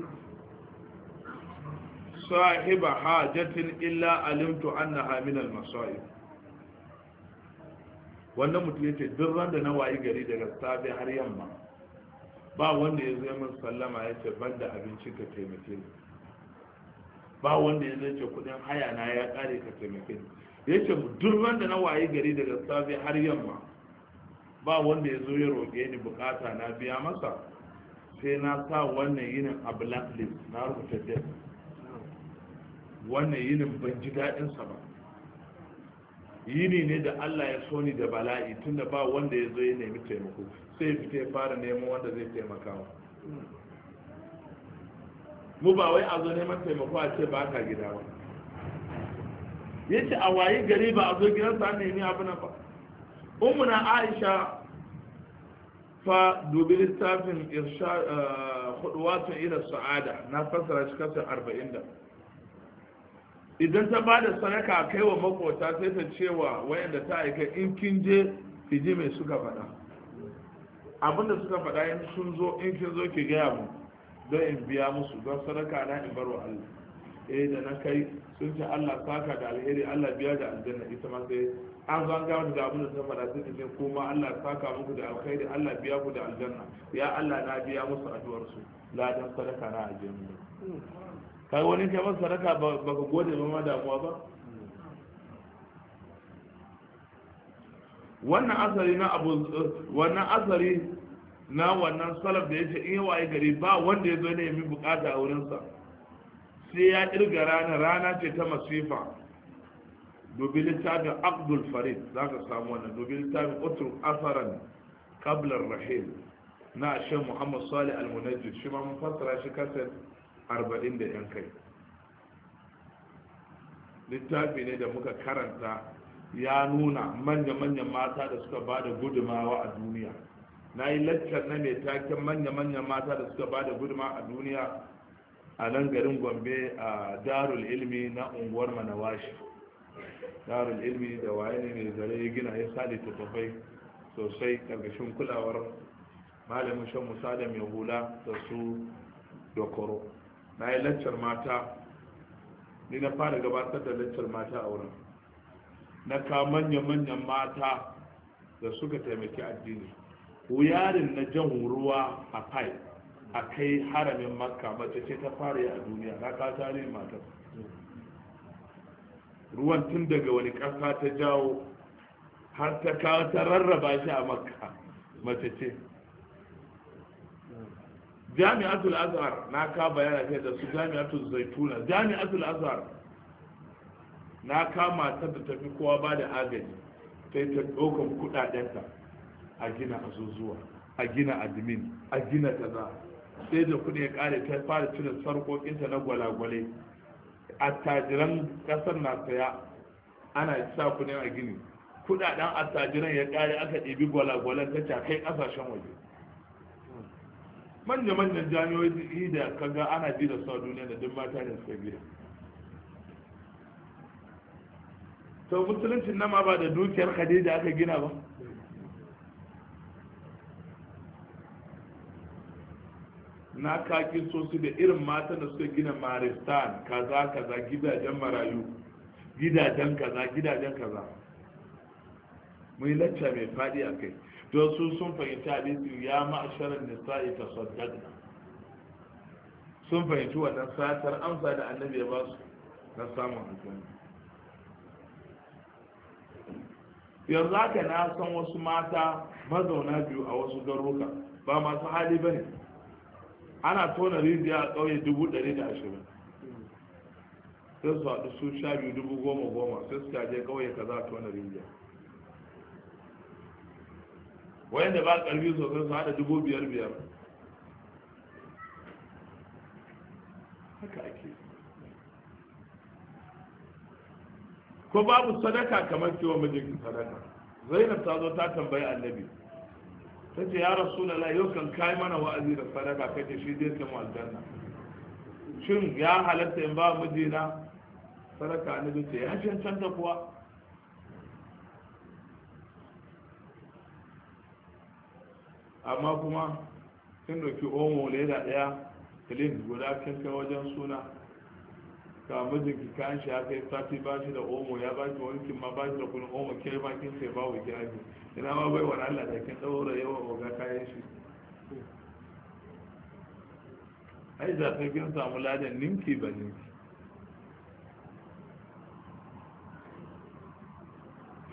Speaker 1: sahiba hajatin illa alimtu annaha min al-masa'ib wannan mutum yake duk randa na wayi gari daga safe har yamma ba wanda ya zai min sallama ya ban banda abinci ka taimake ni ba wanda ya zai ce kudin haya na ya kare ka taimake ni yace duk randa na wayi gari daga safe har yamma ba wanda ya zo ya roƙe ni bukata na biya masa sai na sa wannan yinin a blacklist na rubuta death wannan yinin ban ji daɗinsa ba yini ne da allah ya so ni da bala'i tun da ba wanda ya zo ya nemi taimako sai fita ya fara neman wanda zai taimakawa mu ba wai a zo neman taimako a ce ba ka gida ba ya ce a wayi gari ba a zo gidansa an nemi abu na ba umuna aisha fa dubi littafin eh, huduwatun ila sa'ada na fassara shi kasar arba'in da idan ta ba da sadaka a kai wa makota sai ta cewa wayanda ta aika in kin je ki ji mai suka faɗa abinda suka faɗa in sun zo in kin zo ki gaya mu don in biya musu don sadaka na in bar wa Allah eh da na kai sun ce Allah saka da alheri Allah biya da aljanna ita ma sai an zo ga da abin da suka faɗa su ce kuma Allah saka muku da alkhairi Allah biya ku da aljanna ya Allah na biya musu addu'ar su dan sadaka na mu kai wani kai ban sadaka ba ka gode ba ma damuwa ba wannan asari na abu wannan asari na wannan salaf da yake in waye gari ba wanda ya zo ne ya bukata a wurinsa sai ya kirga rana rana ce ta masifa dubi littafin abdul farid za ka samu wannan dubi littafin utruk asaran kablar rahil na shan muhammad salih al-munajjid shi ma mun fassara shi kasar arba'in da yan kai littafi ne da muka karanta ya nuna manya-manyan mata da suka ba da gudumawa a duniya na yi laccar na mai taken manya-manyan mata da suka ba da guduma a duniya a nan garin gombe a darul ilmi na unguwar manawashi darul ilmi da waye ne mai zare ya gina ya sa littattafai sosai karkashin kulawar malamin shan musa mai hula da su dokoro na yi laccar mata ni na fara gabatar da laccar mata a wurin na ka manya-manyan mata da suka taimaki addini wuyarin na jan ruwa a fai a kai haramin makka mace ce ta fara yi a duniya na ka tarihin matar ruwan tun daga wani ƙasa ta jawo har ta kawo ta rarraba shi a makka mace ce jami'atul azhar na ka bayana kai da su jami'atul zaituna jami'atul azhar na ka matar da tafi kowa ba da agaji sai ta ɗaukan kuɗaɗenta a gina azuzuwa a gina admin a gina kaza sai da kuɗi ya ƙare ta fara cire sarƙoƙinta na gwalagwale attajiran kasar na saya ana sa kudin a gini kudaden attajiran ya kare aka ɗibi gwalagwalar ta kai kasashen waje manya-manyan jami'o'i da kaga ana ji da sa duniya da duk mata ne suka gida to musulunci nama ba da dukiyar khadija aka gina ba na kaki so su da irin matan da suka gina maristan kaza kaza gidajen marayu gidajen kaza gidajen kaza mai yi lacca mai fadi a kai don su sun fahimci hadisi ya ma'asharar nisa'i ta saddaka sun fahimci wannan satar amsa da annabi ya ba su na samun aljanna yanzu haka na san wasu mata mazauna biyu a wasu garuka ba masu hali ba ne ana tona rijiya a ƙauye dubu ɗari da ashirin sai su haɗu su sha biyu dubu goma goma sai su kaje ƙauye ka za a tona rijiya wayanda ba ƙarfi sosai su haɗa dubu biyar biyar haka ake ko babu sadaka kamar cewa mijinki sadaka zainab ta zo ta tambayi annabi ta ce ya rasulallah yau kan kai mana wa'azi da sadaka kace shi zai samu aljanna shin ya halatta in ba mijina sadaka na zuce ya ta kuwa amma kuma sun ɗauki omo leda ɗaya filin guda kin kai wajen suna haka mijinki kan shi haka ya sati ba shi da omo ya ba shi wankin ma ba shi da kun omo ke ba kin sai ba wa gina ina ma bai wani allah da kin ɗaura yawan ga kayan shi ai da sai kin samu ladan ninki ba ninki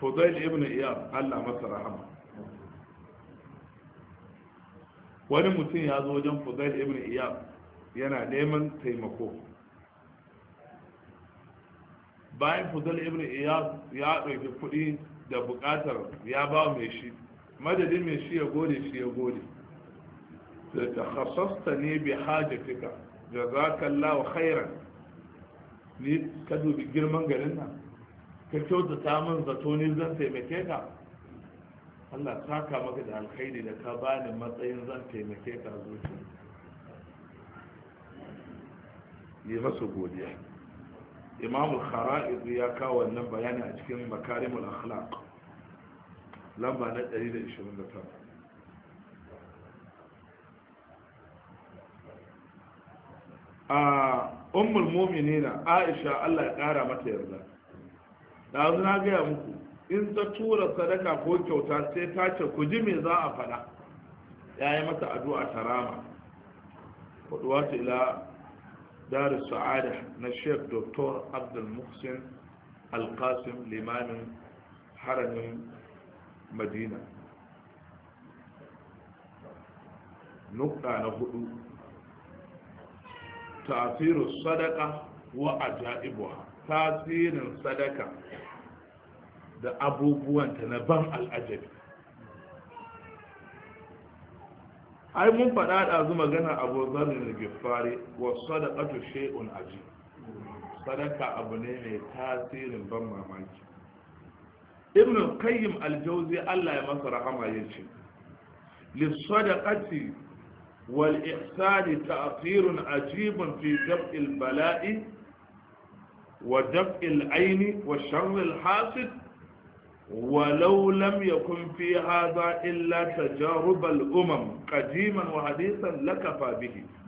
Speaker 1: fudail ibn iyab allah masa rahama wani mutum ya zo wajen fudail ibn iyab yana neman taimako bayan fuzal ibn iyad ya ɗauki kuɗi da buƙatar ya ba mai shi madadin mai shi ya gode shi ya gode da ta ne bi hajjatika jazakallahu khairan ni ka dubi girman garin nan ka kyautata min zato ni zan taimake ka Allah saka maka da alkhairi da ka bani matsayin zan taimake ka zuciya yi masa godiya imamu khara'iz ya kawo wannan bayani a cikin makarimul akhlaq lamba na 129 a ummul mu'minina aisha Allah ya kara mata yarda da na gaya muku in ta tura sadaka ko kyauta sai ta ce ku ji me za a faɗa ya yi mata addu'a ta rama ila dar sa'ada na sheikh dr abdul muhsin alkasim limamin haramin madina nukta na hudu tasirin sadaka wa ajaibuwa tasirin sadaka da abubuwanta na ban al'ajabi ai mun faɗa ɗazu magana abu zarin gifari wa sadaqatu shay'un aji sadaka abu ne mai tasirin ban mamaki ibn qayyim al-jawzi Allah ya masa rahama yace li sadaqati wal ihsani ta'thirun ajibun fi daf'il bala'i wa daf'il aini wa sharril hasid ولو لم يكن في هذا إلا تجارب الأمم قديما وحديثا لكفى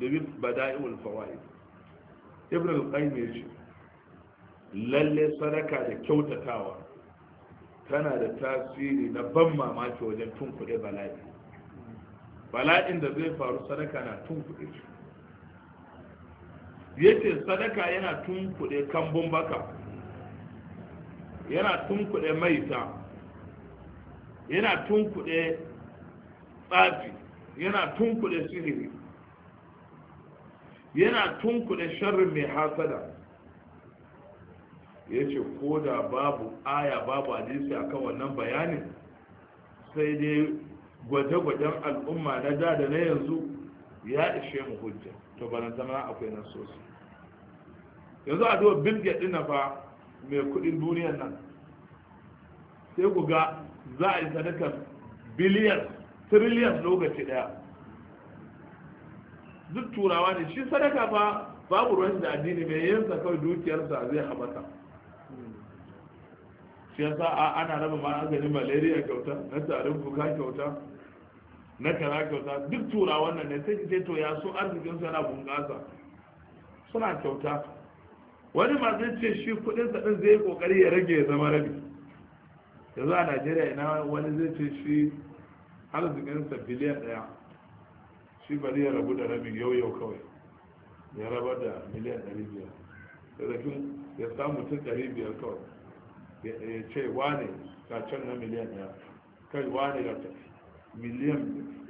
Speaker 1: به بدائع الفوائد ابن القيم يجي lalle sadaka da kyautatawa tana da tasiri na ban mamaki wajen tunkuɗe bala'i bala'in da zai faru sadaka na tunkuɗe shi yace sadaka yana tunkuɗe kambun baka yana tunkuɗe maita yana tunkuɗe tsafi yana tunkuɗe sihiri yana tunkuɗe sharrin mai hasada ya ce ko da babu aya babu hadisi a kan wannan bayanin
Speaker 3: sai dai gwaje-gwajen al'umma na da da na yanzu ya ishe
Speaker 1: mu hujja to zama akwai nan sosai yanzu a duba bilge ɗina ba. mai kudin duniyan nan sai ku ga za a yi sadakar biliyan triliyan lokaci daya duk turawa ne shi sadaka ba babu ruwan da addini mai yansa kawai dukiyarsa zai haɓaka shi yasa ana raba maganin malaria kyauta na tarin fuka kyauta na kara kyauta duk turawan nan ne sai ce to ya so arzikin su yana bunƙasa suna kyauta wani masu zai ce shi kudin sa din zai kokari ya rage ya zama rabi yanzu a najeriya ina wani zai ce shi arzikin sa biliyan daya shi bari ya rabu da rabin yau yau kawai ya rabar da miliyan dari biyar da zakin ya samu mutum dari biyar kawai ya ce wane ka can na miliyan daya kai wane ga miliyan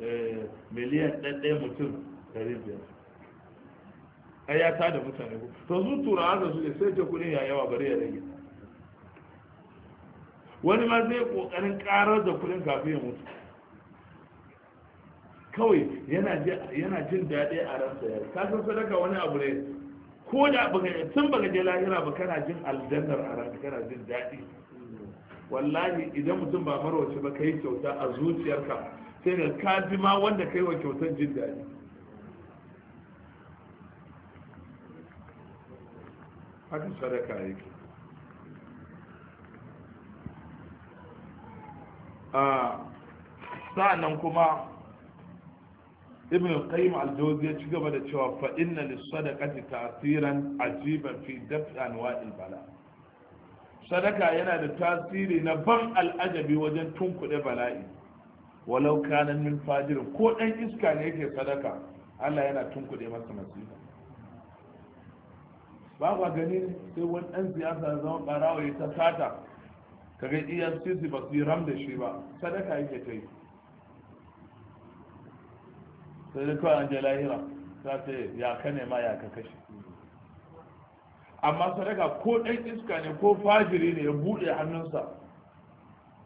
Speaker 1: eh, miliyan ɗaɗɗaya mutum dari biyar ai ya tada mutane ku to su turawa da su ne sai ta kudin ya yawa bari ya rage wani ma zai kokarin karar da kudin kafin ya mutu kawai yana jin daɗi a ransa ya ka san sadaka wani abu ne ko da tun baka je lahira ba kana jin aljannar a ransa kana jin daɗi wallahi idan mutum ba marwaci ba ka yi kyauta a zuciyarka sai ka ji ma wanda ka yi wa kyautar jin daɗi haka sadaka yake sa'annan kuma ibn qayyim al-jawzi ya ci gaba da cewa fa inna lis-sadaqati ta'siran ajiban fi daf'i anwa'il bala sadaka yana da tasiri na ban al'ajabi wajen tunkuɗe bala'i walau kanan min fajirin ko ɗan iska ne yake sadaka Allah yana tunkuɗe masa masifa ba kwa ganin sai wani ɗan siyasa ya zama ɓarawa ya ta sata kaga efcc ba su yi ram da shi ba sadaka yake ta yi sai da kawai an je lahira ta ce ya ka ne ma ya ka kashe amma sadaka ko ɗan iska ne ko fajiri ne ya buɗe hannunsa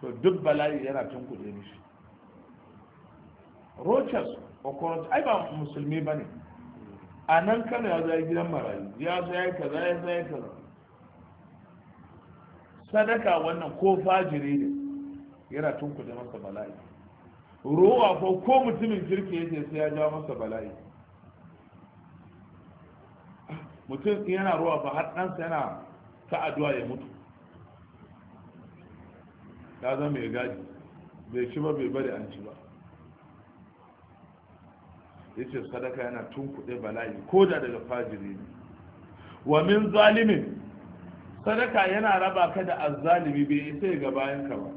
Speaker 1: to duk bala'i yana tun kuɗe mishi rochas okorot ai ba musulmi ba ne a nan kano ya zai gidan marayu ya zai kaza ya zai kaza sadaka wannan ko fajiri ne yana tunkuta masa bala'i Ruwa ko ko mutumin kirki yake sai ya jawo masa bala'i mutum yana ruwa ba har ɗansa yana ta addu'a ya mutu ya zama ya gaji, bai ci ba bai bari an ci ba yace sadaka yana tun tunkuɗe bala'i ko da daga fajiri ne wa min zalimin sadaka yana raba ka da azzalimi bai isa ga bayan ka ba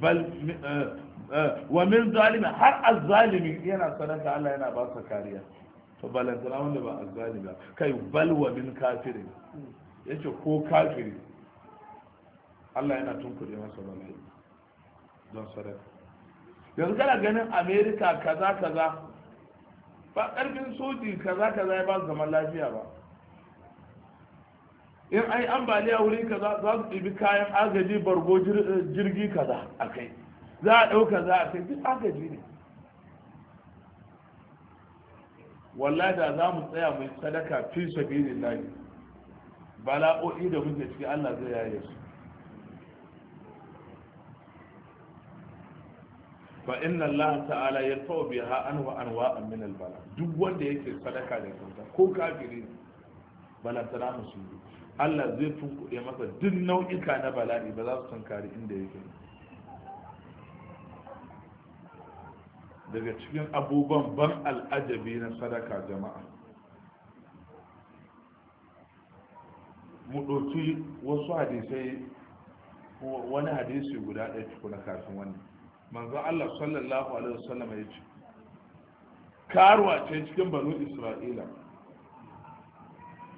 Speaker 1: bal eh, eh, wa min zalimin har azzalimi yana sadaka Allah yana ba sa kariya to balantana wanda ba azzalimi ba kai bal wa min kafiri yace ko kafiri Allah yana tun tunkuɗe masa bala'i don sadaka yanzu kana ganin Amerika kaza kaza ba ƙarfin soji kaza kaza ya ba su zaman lafiya ba in ai ambaliya wuri kaza za su ɗibi kayan agaji bargo eh, jirgi kaza a kai za a ɗauka za a kai duk agaji ne wallahi da za mu tsaya mu sadaka fi sabilillahi bala'o'i da muke ciki Allah zai yaye su fa inna Allah ta'ala yarfa'u biha anwa anwa'an min al-bala duk wanda yake sadaka da kanta ko kafiri ne bala tana musulmi Allah zai tunkuɗe masa duk nau'ika na bala'i ba za su tunkari inda yake daga cikin abubuwan ban al'ajabi na sadaka jama'a mu ɗauki wasu hadisai wani hadisi guda ɗaya tukuna kafin wannan manzo Allah sallallahu alaihi wasallam ya ce karuwa ce cikin banu Isra'ila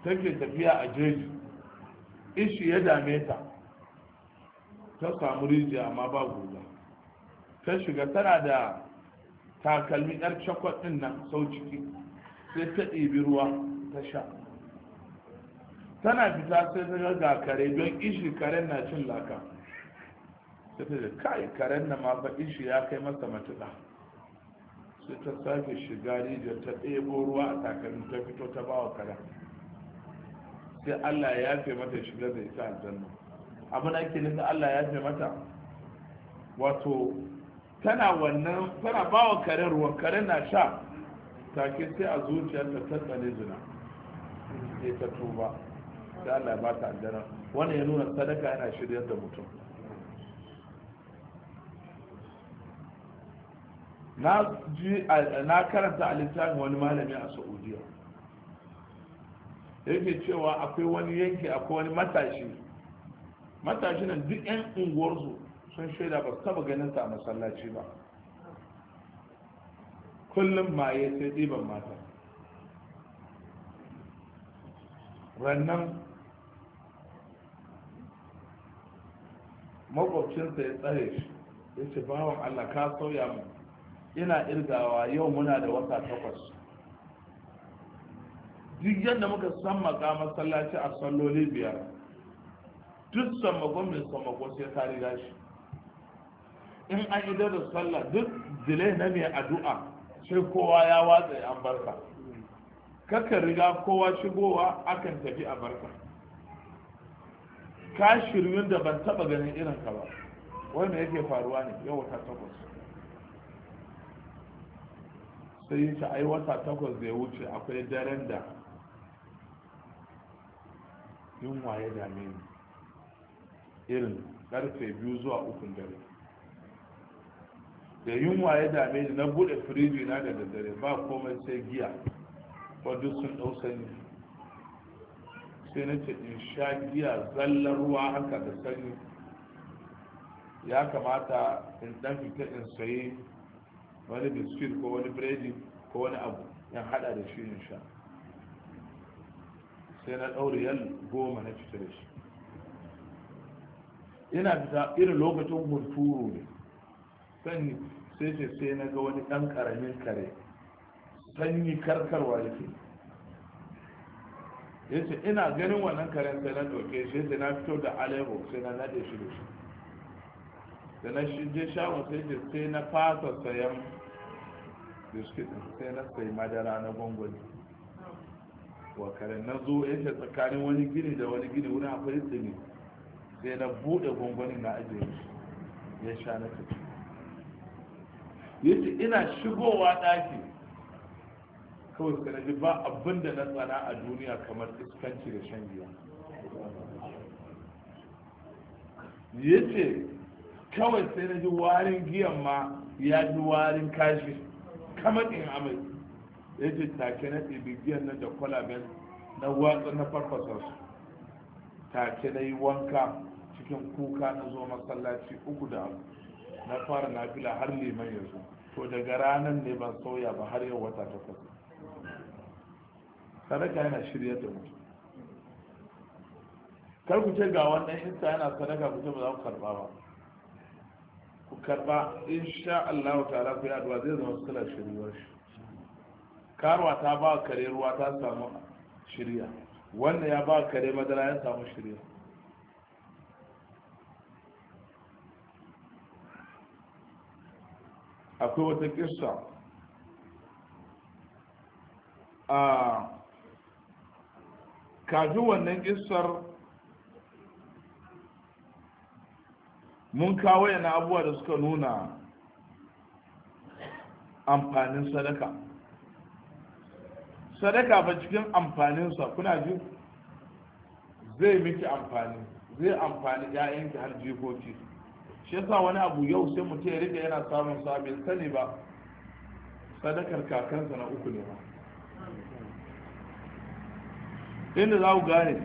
Speaker 1: take tafiya a jeji ishi ya dame ta ta samu rijiya amma ba guga ta shiga tana da takalmi yar cakwat din nan sau ciki sai ta ɗibi ruwa ta sha tana fita sai ta ga kare don ishi karen na cin laka ta ce kai karen na ma baƙin shi ya kai masa matuɗa sai ta sake shiga rijiyar ta ɗebo ruwa a takalmin ta fito ta ba wa karen sai allah ya yafe mata shiga da ita aljanna abin ake nufin allah ya yafe mata wato tana wannan tana ba wa karen ruwan karen na sha take sai a zuciyarta ta tsane zina sai ta tuba sai allah ya ba ta aljanna wannan ya nuna sadaka yana shiryar da mutum na karanta a littafin wani malami a saudiya yake cewa akwai wani yanki akwai wani matashi matashi nan duk 'yan unguwarsu sun shaida ba taba ganin ta a masallaci ba kullum maye sai ɗiban mata rannan makwabcinsa ya tsare shi ya ce bawan allah ka sauya mu ina irgawa yau muna da wata takwas duk yadda muka san sammaka masallaci a salloli biyar duk sammakon mai sammako sai ta riga shi in an ido da sallah duk dile na mai addu'a sai kowa ya watsa an barka kaka riga kowa shigowa akan tafi a barka ka shirin da ban taba ganin irin ka ba wanda yake faruwa ne yau wata takwas sai yin ai wata takwas da ya wuce akwai daren da yunwa ya dame ni irin karfe biyu zuwa ukun dare da yunwa ya dame ni na bude firiji na da daddare ba komai sai giya wadda sun dau sanyi sai na ce in sha giya zallar ruwa haka da sanyi ya kamata in dan fita in sayi wani biskit ko wani biredi ko wani abu yan hada da shi in sha sai na ɗaure yal goma na fita da shi ina fita irin lokacin hunturu ne sanyi sai ce sai na ga wani ɗan ƙaramin kare sanyi karkarwa yake ya ce ina ganin wannan karen sai na doke shi sai na fito da alebo sai na nade shi da shi da na shi je shagon sai ce sai na fasa sayan biskit sai na sai madara na gwangwani wakare na zo yake tsakanin wani gini da wani gini wani akwai tsini sai na bude gwangwanin na ajiye shi ya sha na tafi yace ina shigowa daki kawai sai na ji ba abin da na tsana a duniya kamar iskanci da shan giya yace kawai sai na ji warin giyan ma ya ji warin kashi kamar in amai ya ce take na ɗibigiyar nan da kwalaben na watsa na farfasa su take na yi wanka cikin kuka na zo masallaci uku da abu na fara nafila har liman yanzu to daga ranar ne ban sauya ba har yau wata ta takwas sadaka yana shirya da mutu. kar ku ce ga wannan insa yana sadaka ku ce ba za ku karba ba ku karba insha Allah ta'ala ku yaduwa zai zama sukalar shiryuwar shi karuwa ta ba kare ruwa ta samu shirya wanda ya ba kare madara ya samu shirya akwai wata kissa a ah, kafin wannan kissar mun kawo yana abubuwa da suka nuna amfanin sadaka sadaka ba cikin amfaninsa kuna ji zai miki amfani zai amfani ‘ya'yanki har jikoki shi yasa wani abu yau sai mutum ya rike yana samun sa sani ba sadakar kakansa na uku ne ba inda za ku gane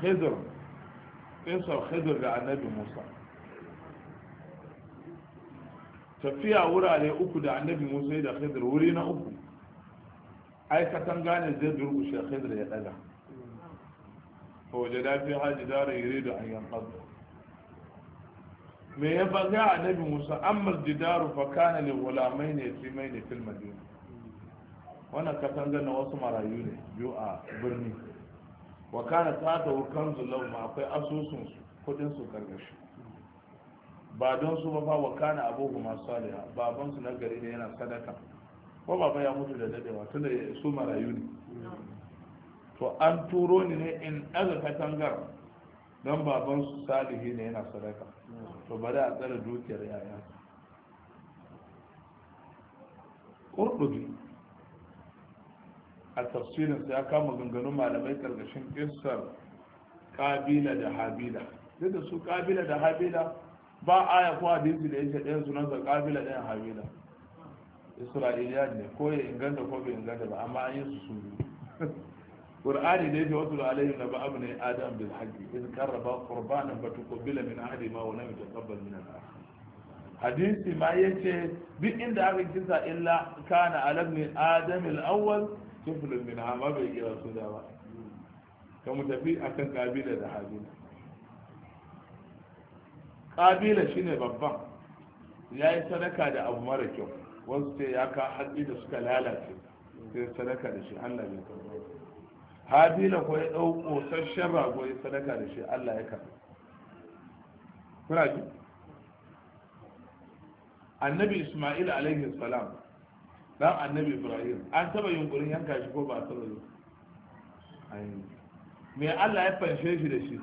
Speaker 1: Khizr ƙinsar khidir da annabi musa tafiya wurare uku da annabi musa da khidir wuri na uku aikatan gane zai durkushe khidir ya daga fa waje da fi haji dara yiri da an yan me ya baga annabi musa amma jidaru fa kana li gulamai ne yatimai ne fil wannan katanga na wasu marayu ne biyu a birni wa kana ta da wukan ma akwai asusun kudin su karkashi ba don su ba ba wa kana abu kuma saliha baban su na gari ne yana sadaka ko baba ya mutu da dadewa tunda su marayu ne to an turo ni ne in daga katangar don baban su salihi ne yana sadaka to bari a tsara dukiyar yaya a tafsirin ya kama ganganun malamai ƙarƙashin ƙisar ƙabila da habila duk da su ƙabila da habila ba ya ko hadisi da yake ɗayan sunan sa kabila ɗaya habila isra'iliya ne ko ya inganta ko bai inganta ba amma an yi su su qur'ani da yake wasu alaihim na ba'ab ne adam bil haqqi in ba qurbanan fatuqbila min ahadi ma wa lam yataqabbal min al hadisi ma yace duk inda aka kisa illa kana alabni adam al-awwal tufulun min hama bai kira da ba ka mu tafi a kan kabila da habila kabila ne babban ya yi sadaka da abu mara kyau wasu ce ya ka hatsi da suka lalace sai sadaka da shi allah bai karɓa habila ko ya ɗau ƙosasshen rago ya sadaka da shi allah ya karɓa kuna ji annabi ismail alaihi salam dan annabi ibrahim an taba yunkurin yanka shi ko ba a taba yi me allah ya fanshe shi da shi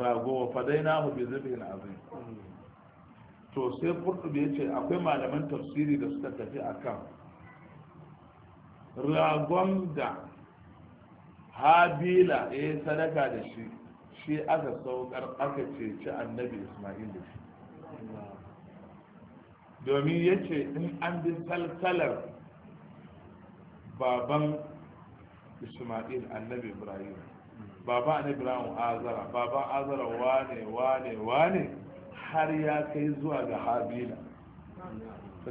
Speaker 1: rago fadaina mu bi zubin azim to sai kurtubi ya ce akwai malaman tafsiri da suka tafi a kan ragon da habila ya yi sadaka da shi shi aka saukar aka ceci annabi ismail da shi domin ya ce in an bi salsalar baban isma'il annabi ibrahim baba annabi ibrahim azara baban azara wane wane wane har ya kai zuwa ga habila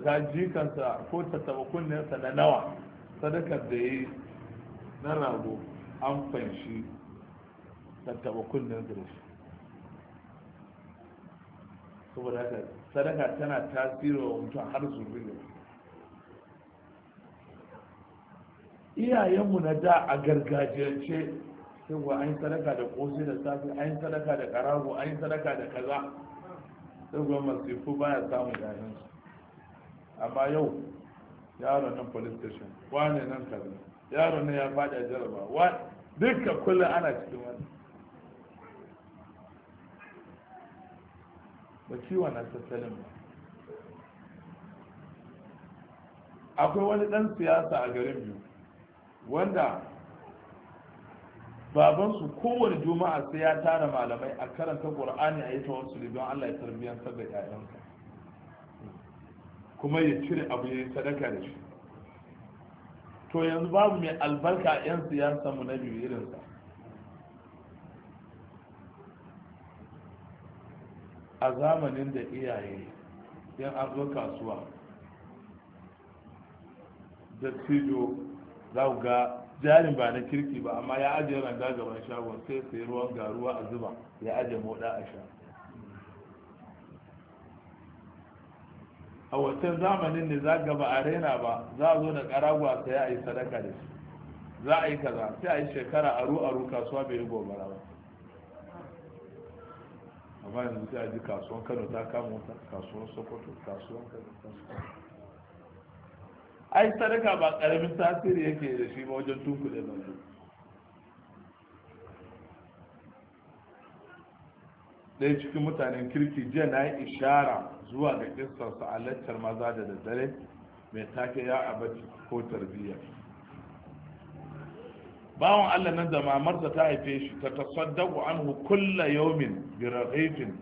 Speaker 1: ta jikansa ko ta taba sa na nawa sadakar da ya yi na rago an fanshi ta taba kunnensa da shi saboda haka sadaka tana tasiri wa mutum har zurriya iyayenmu na da a gargajiyance cewa an yi sadaka da ƙosi da safe an yi sadaka da ƙarago an yi sadaka da kaza tsirgon masifu ya samun yayansu amma yau yaron nan police station wane nan kaza yaron nan ya faɗi a duka kullum ana cikin wani ba ciwon na tattalin ba akwai wani ɗan siyasa a garin biyu wanda babansu kowane juma'a sai ya tara malamai a karanta ƙur'ani a yi ta wasu don allah ya tarbiyyantar da 'ya'yansa kuma ya cire abu ya yi sadaka da shi to yanzu babu mai albarka 'yan siyasa mu na biyu irinsa a zamanin da iyaye yan an kasuwa da tijo za ga jarin ba na kirki ba amma ya ajiye randa gaban shagon sai sai ruwan garuwa a zuba ya ajiye moda a sha a wancan zamanin ne za ga ba a raina ba za a zo da karagwa sai a yi sadaka da shi za a yi kaza sai a yi shekara aru aru kasuwa bai yi gobara ba amma yanzu sai a ji kasuwan kano ta kama wata kasuwan sokoto kasuwan kano ai sadaka ba karamin tasiri yake da shi ba wajen da nan ɗaya cikin mutanen kirki jiya na yi ishara zuwa ga kistarsa a laccar maza da daddare mai take ya abaci ko tarbiyya bawan Allah nan da mamarsa ta haife shi ta tasaddaqu anhu kulla yawmin bi raghifin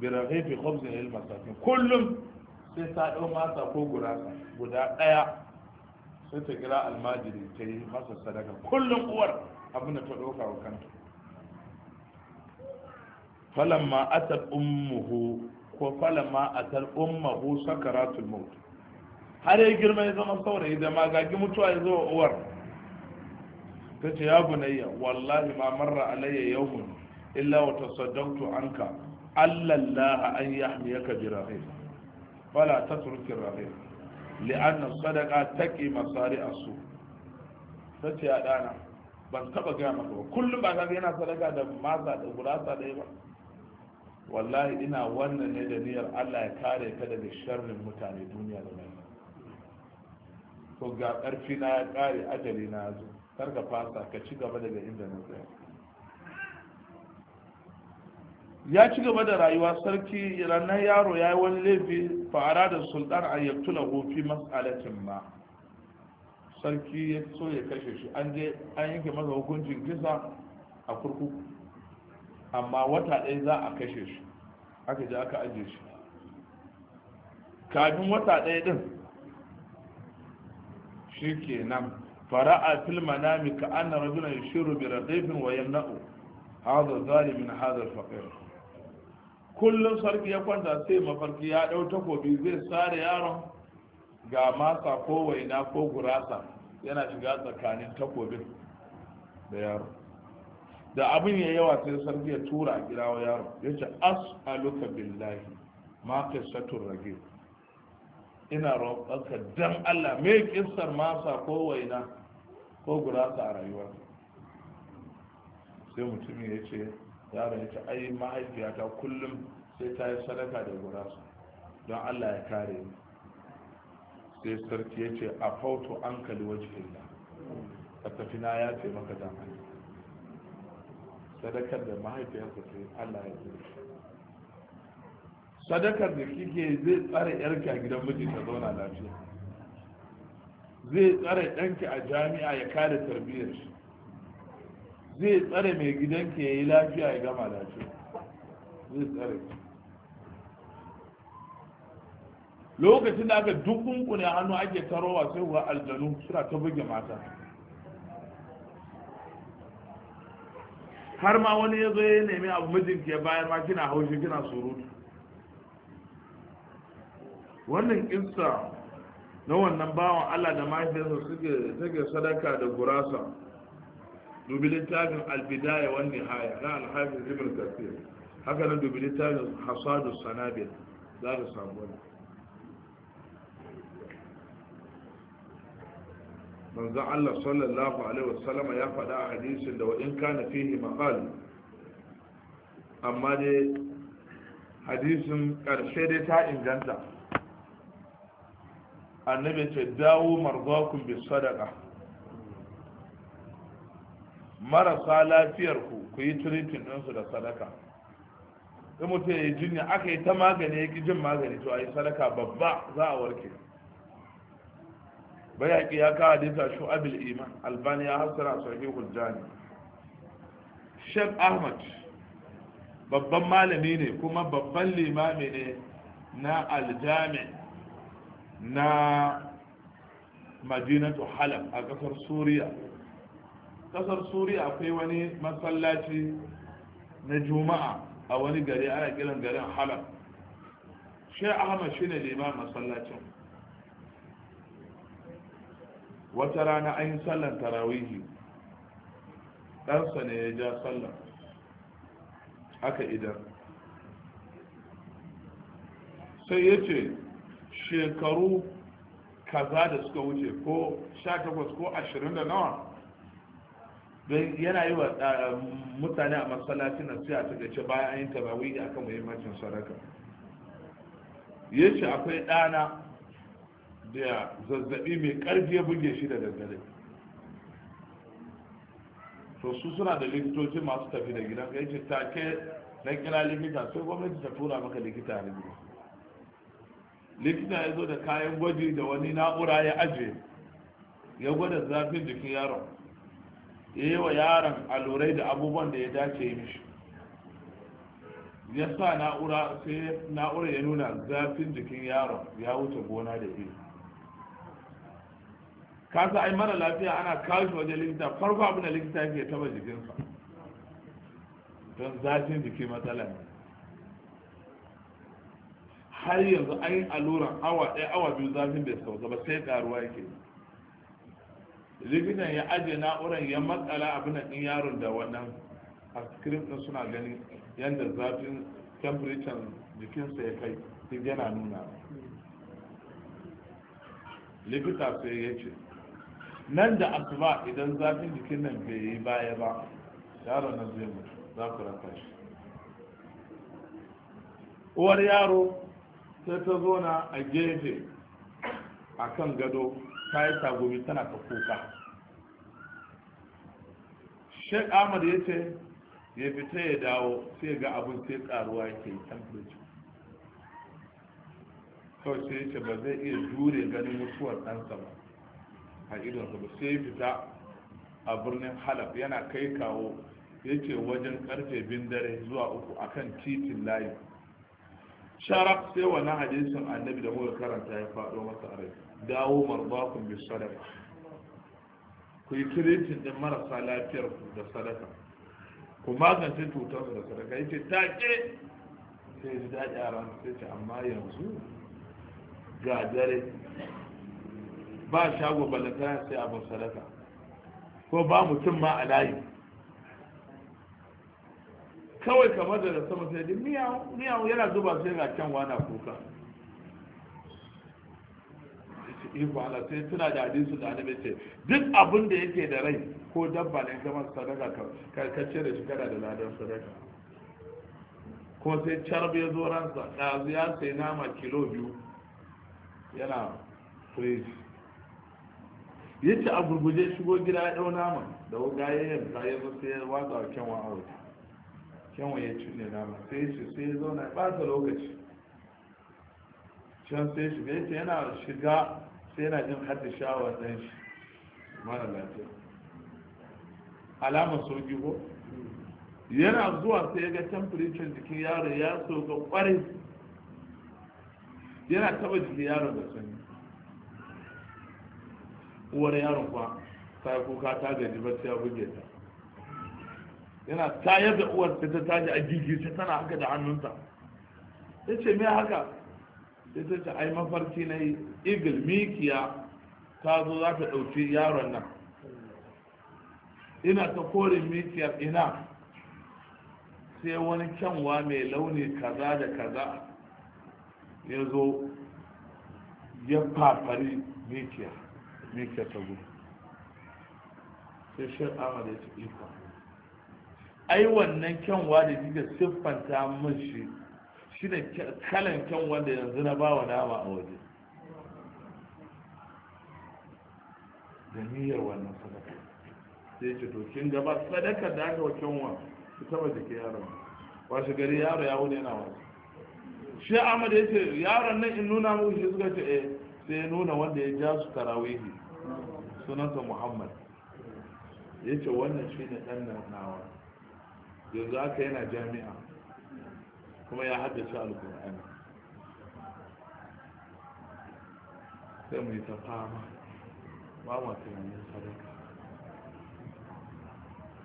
Speaker 1: bi raghifi khubzin lil masakin kullum sai ta dau masa ko gurasa guda daya sai ta kira almajiri ta yi masa sadaka kullum uwar abin da ta ɗauka wa kanta falamma atar ummuhu ko falamma atar ummuhu sakaratul maut har ya girma ya zama saurayi da magagi mutuwa ya zo uwar ta ce ya bunayya wallahi ma marra alayya yawmun illa wa tasaddaqtu anka allah an yahmiyaka bi rahim fala tatruk rahim li'anna sadaqa taqi masari asu ta ce ban taba ga maka ba kullum ba yana sadaka da masa da gurasa da ba wallahi ina wannan ne da niyyar Allah ya kare ka daga sharrin mutane duniya da na ya kare ajali na karka fasa ka ci gaba daga inda na tsaye. ya ci gaba da rayuwa sarki ranar yaro ya yi wani laifi fara da sultan a na hofi masalacin ma sarki ya so ya kashe shi an je an yanke masa hukuncin kisa a kurkuku amma wata ɗaya za a kashe shi aka je aka ajiye shi kafin wata ɗaya din shi ke nan. fara'a fil manami ka anna rajulan yushiru bi radifin wa yamna'u hadha zalimin hadha al-faqir kullum sarki ya kwanta sai mafarki ya dau takobi zai sare yaron ga masa ko waina ko gurasa yana shiga tsakanin takobin da yaro da abin ya yawa sai sarki ya tura a gida wa yaro ya ce as'aluka billahi ma qissatur ragib ina roƙonka don Allah mai kissar masa ko waina ko gurasa a rayuwar sai mutumin ya ce yaro ya ce ai mahaifiyata kullum sai ta yi sadaka da gurasa don Allah ya kare ni sai sarki ya ce a fauto an kali wajen a tafi na ya ce maka dan sadakar da mahaifiyarsa sai Allah ya zai sadakar da kike zai tsare yarki a gidan miji ta zauna lafiya zai tsare ɗanki a jami'a ya kare tarbiyyar shi zai tsare mai gidanki ya yi lafiya ya gama lafiya zai tsare lokacin da aka dukunkune hannu ake tarowa sai wa aljanu suna ta buge mata har ma wani ya zo ya nemi abu mijinki ya bayar ma kina haushi kina surutu wannan kinsa na wannan bawan Allah da mahaifiyarsa suke take sadaka da gurasa dubi littafin albidaya wani haya na alhafiz ibn kafir haka na dubi littafin hasadu sanabil za ka samu wani manzo Allah sallallahu alaihi wasallama ya faɗa a hadisin da wa kana fihi maqal amma dai hadisin ƙarshe dai ta inganta annabi ce dawo marzakun bi sadaka marasa lafiyar ku ku yi tiritin ɗinsu da sadaka in mutum ya jinya aka yi ta magani ya ki jin magani to a yi sadaka babba za a warke bayaki ya kawo hadisa abil iman albani ya hasara sahihul jani shek ahmad babban malami ne kuma babban limami ne na aljami na madinatu halab a kasar suriya kasar suriya akwai wani masallaci na juma'a a wani gari ana kiran garin halab shi ahmad shi ne liman masallacin wata rana an yi sallan tarawihi ɗansa ne ya ja sallan aka idan sai ya ce shekaru kaza da suka wuce ko sha takwas ko ashirin da nawa don yana yi wa mutane a masallaci na siya ta gace bayan an yi tabawi a kan muhimmancin sadaka ya ce akwai ɗana da zazzabi mai ƙarfi ya buge shi da daddare to su suna da likitoci masu tafi da gidan ya ce take na kira likita sai gwamnati ta tura maka likita a rigima likita ya zo da kayan gwaji da wani na'ura ya ajiye ya gwada zafin jikin yaron ya yi wa yaron alurai da abubuwan da ya dace mishi ya sa na'ura sai na'ura ya nuna zafin jikin yaron ya wuce gona da iri kasa ai mara lafiya ana kawo shi wajen likita farko abin da likita ke taba jikinsa don zafin jiki matsala har yanzu an yi alluran awa ɗaya awa biyu zafin bai sauka ba sai ƙaruwa yake likitan ya ajiye na'urar ya matsala abin ɗin yaron da wannan a ɗin suna gani yadda zafin temperature jikinsa ya kai duk yana nuna likita sai ya ce nan da asuba idan zafin jikin nan bai yi baya ba yaron nan zai mutu za ku rafa shi uwar yaro sai ta zona a gefe a kan gado ta yi tagomi tana ta kuka shek ahmad ya ce ya fita ya dawo sai ga abin sai karuwa ke temperature kawai sai ya ce ba zai iya jure ganin mutuwar ɗansa ba a idonsa ba sai ya fita a birnin halab yana kai kawo ya ce wajen karfe bin zuwa uku akan titin layi sharaf sai wannan hadisin annabi da muka karanta ya faɗo masa a rai dawo marbakun bi sadaka ku yi kiritin din marasa lafiyar ku da sadaka ku magance cutar da sadaka yace take sai ji daɗi a ran sai ce amma yanzu ga dare ba shago balantana sai abin sadaka ko ba mutum ma a layi kawai kamar da sama sai dai miyawu miyawu yana zuba sai ga can wana kuka iko Allah sai tuna da hadisu da annabi ce duk abin da yake da rai ko dabba ne kamar sadaka ka ka da shi da ladan sadaka ko sai carbi ya zo ransa ɗazu ya sai nama kilo biyu yana firiji ya ci a gurguje shigo gida ya ɗau nama da wuga ya yanka ya zo sai ya watsa kyanwa a wuta kyanwa ya cinye nama sai su sai ya zauna ɓata lokaci can sai shiga ya ce yana shiga sai yana jin hadda shawar ɗan shi mara lafiya alama sauki ko yana zuwa sai ya ga temperature jikin yaro ya ga kwarai yana taba jikin yaro da sanyi uwar yaron kwa ta kuka ta gaji bacci ya buge ta yana tayar da uwar ta taji a gigice tana haka da hannunta. ya ce me haka sai ta ce ai mafarki na yi igil mikiya ta zo za ta ɗauki yaron nan ina ta kore mikiyar ina sai wani kyanwa mai launi kaza da kaza ya zo ya fafari mikiyar ta zo sai shi da ya ce ikon ai wannan kyanwa da kika siffanta min shi shi da kalan kyanwa da yanzu na ba wa nama a waje da niyyar wannan sadaka sai ce to kin gaba sadaka da aka wa kyanwa taba jiki yaron shi gari yaro ya wuni yana wasu shi ahmad ya ce yaron nan in nuna mu shi suka ce eh sai ya nuna wanda ya ja su tarawihi sunansa muhammad ya ce wannan shi ne ɗan nan nawa yanzu haka yana jami'a kuma ya haddace alkur'ani sai mai ta fama ba ma tunanin sadaka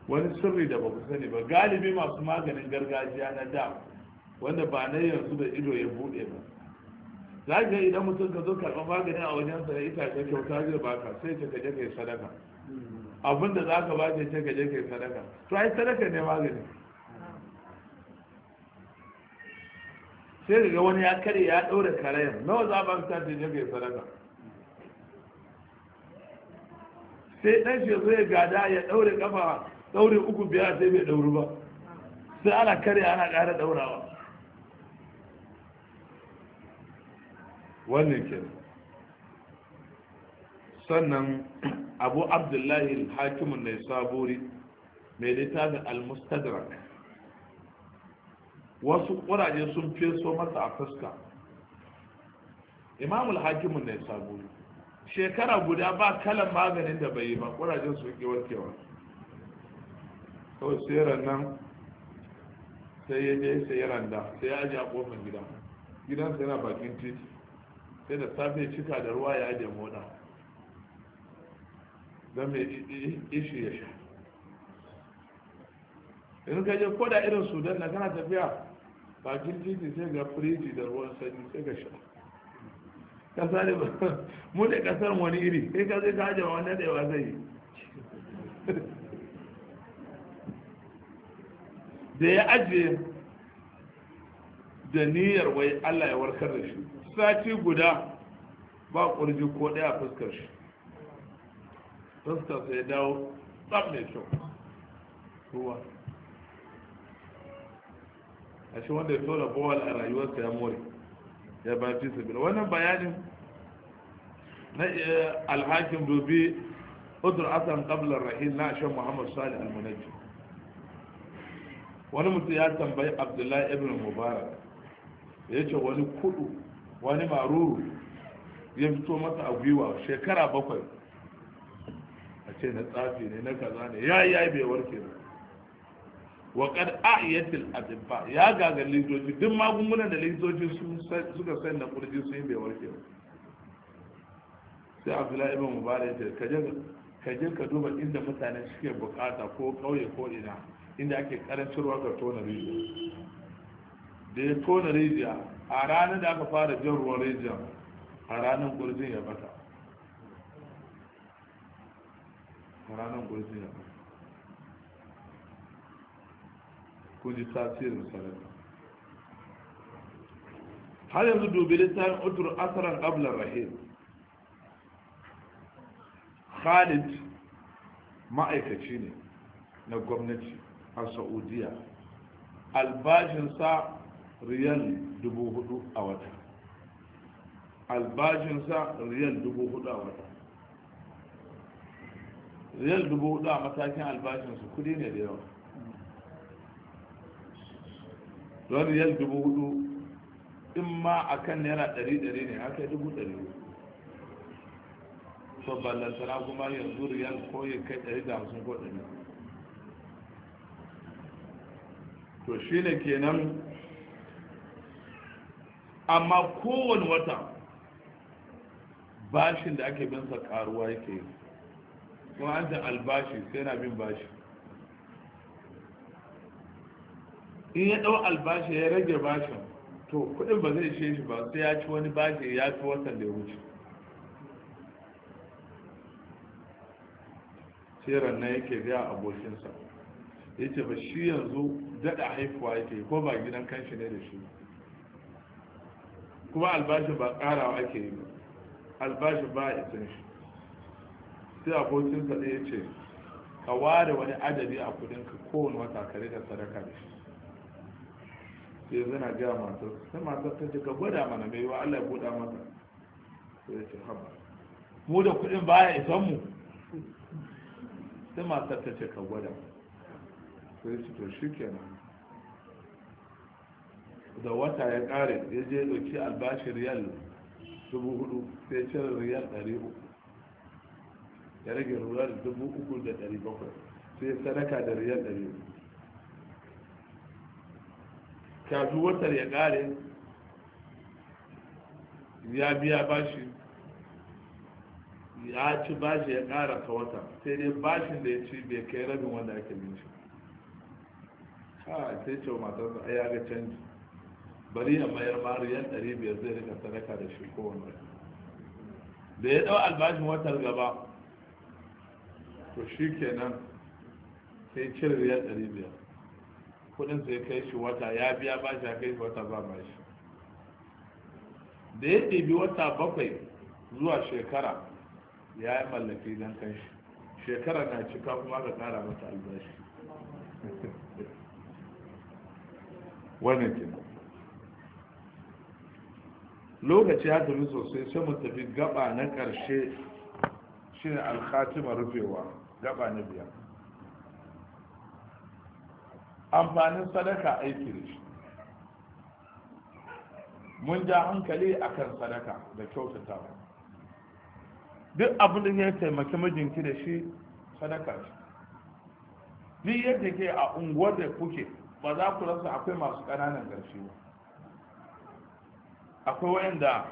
Speaker 1: wani sirri da ba ku sani ba galibi masu maganin gargajiya na da wanda ba na yanzu da ido ya bude ba za ka idan mutum ka zo karɓar magani a wajen sa itace kyauta zai baka sai ka kaje kai sadaka Abinda za ka ba ta ce kaje kai sadaka to ai sadaka ne magani sai daga wani ya kare ya ɗaure karayar nawa za a ba ta ta jirgin sadaka sai ɗan shi zai gada ya ɗaure kafa ɗaure uku biya sai bai ɗauru ba sai ana kare ana ƙara ɗaurawa wannan ke sannan abu abdullahi hakimun na saburi mai littafin al-mustadrak wasu ƙuraje sun feso masa a fuska imamul hakimun ne sabo shekara guda ba kalan maganin da bai yi ba ƙurajen su ke warkewa kawai sai nan sai ya je sai ya randa sai ya aji a kofar gida sai na bakin titi sai da safe cika da ruwa ya aje moda don mai ishi ya sha in ka je ko da irin sudan na kana tafiya bakin titi sai ga firiji da ruwan sanyi sai ga sha kasa ne ba, mu da kasar wani iri sai ka zai kaji wani da zai yi da ya ajiye da niyyar wai allah ya warkar da shi sati guda ba ƙurji ko ɗaya fuskar shi fuskar sai dawo tsab mai kyau ruwa a shi wanda ya tona bowal a rayuwarsa ya more ya ba fi sabi wannan bayanin na eh, alhakin dubi udur asan qablar Rahim na shan muhammad sali al wani mutum ya tambayi abdullahi ibn mubarak ya ce wani kudu wani maruru ya fito masa a gwiwa shekara bakwai a ce na tsafi ne na kaza ne ya yi ya bai warke ba wa kad a'iyatil atibba ya gagar likitoci duk magungunan da likitoci suka sani na kurji sun yi bai warke ba sai abdullahi ibn mubarak ce kaje kaje ka duba inda mutane suke bukata ko kauye ko ina inda ake karancin ruwa ga tona rijiya da ya tona rijiya a ranar da aka fara jin ruwan rijiya a ranar kurjin ya bata a ranar kurjin ya bata kun ji tasirin sadaka har yanzu dubi littafin utur asaran qabla rahim Khalid ma'aikaci ne na gwamnati a Saudiya albashinsa riyal dubu hudu a wata albashinsa riyal dubu hudu a wata riyal dubu hudu a matakin albashinsu kudi ne da yawa don riyal dubu hudu in ma a kan naira ɗari ɗari ne haka dubu ɗari so ballantana kuma yanzu riyal ko ya kai ɗari da hamsin ko ɗari to shi ne kenan amma kowane wata bashin da ake binsa karuwa yake yi kuma an ta albashi sai na bin bashi in ya ɗau albashi ya rage bashin to kuɗin ba zai ishe shi ba sai ya ci wani bashi ya fi watan da ya wuce sai na yake biya abokinsa ya ce ba shi yanzu daɗa haifuwa yake ko ba gidan kanshi ne da shi kuma albashi ba ƙarawa ake yi ba albashi ba a isin shi sai abokinsa ɗaya ce ka ware wani adadi a kudinka kowane wata kare da sadaka da shi sai zana gaya matar sai matar ta ce ka gwada mana mai wa Allah ya buɗa masa sai ya ce haba mu da kuɗin ya isan mu sai matar ta ce ka gwada sai ce to shi kenan da wata ya ƙare ya je ɗauki albashi riyal dubu hudu sai cire riyal ɗari uku ya rage rura da dubu uku da ɗari bakwai sai sadaka da riyal ɗari uku kafi watar ya kare ya biya bashi ya ci bashi ya kara ta wata sai dai bashin da ya ci bai kai rabin wanda ake bin shi ha sai ce matarsa ai ya ga canji bari ya mayar ɗari biyar zai rika sadaka da shi kowane da ya dau albashin watar gaba to shi kenan sai cire ɗari biyar. kudin sai kai shi wata ya biya ba ya kai shi wata ba shi. da ya bi wata bakwai zuwa shekara ya yi mallaki don kai shi shekara na cika kuma ka ƙara mata albashi Wani kenan lokaci ya tafi sosai sai mu tafi gaba na ƙarshe shi ne alkhatima rufewa gaba na biyar amfanin sadaka aiki da shi mun ja hankali a kan sadaka da kyautata duk abin da ya taimaki mijinki da shi sadaka ce ni yadda ke a unguwar da kuke ba za ku rasa akwai masu ƙananan ƙarshe ba akwai wayanda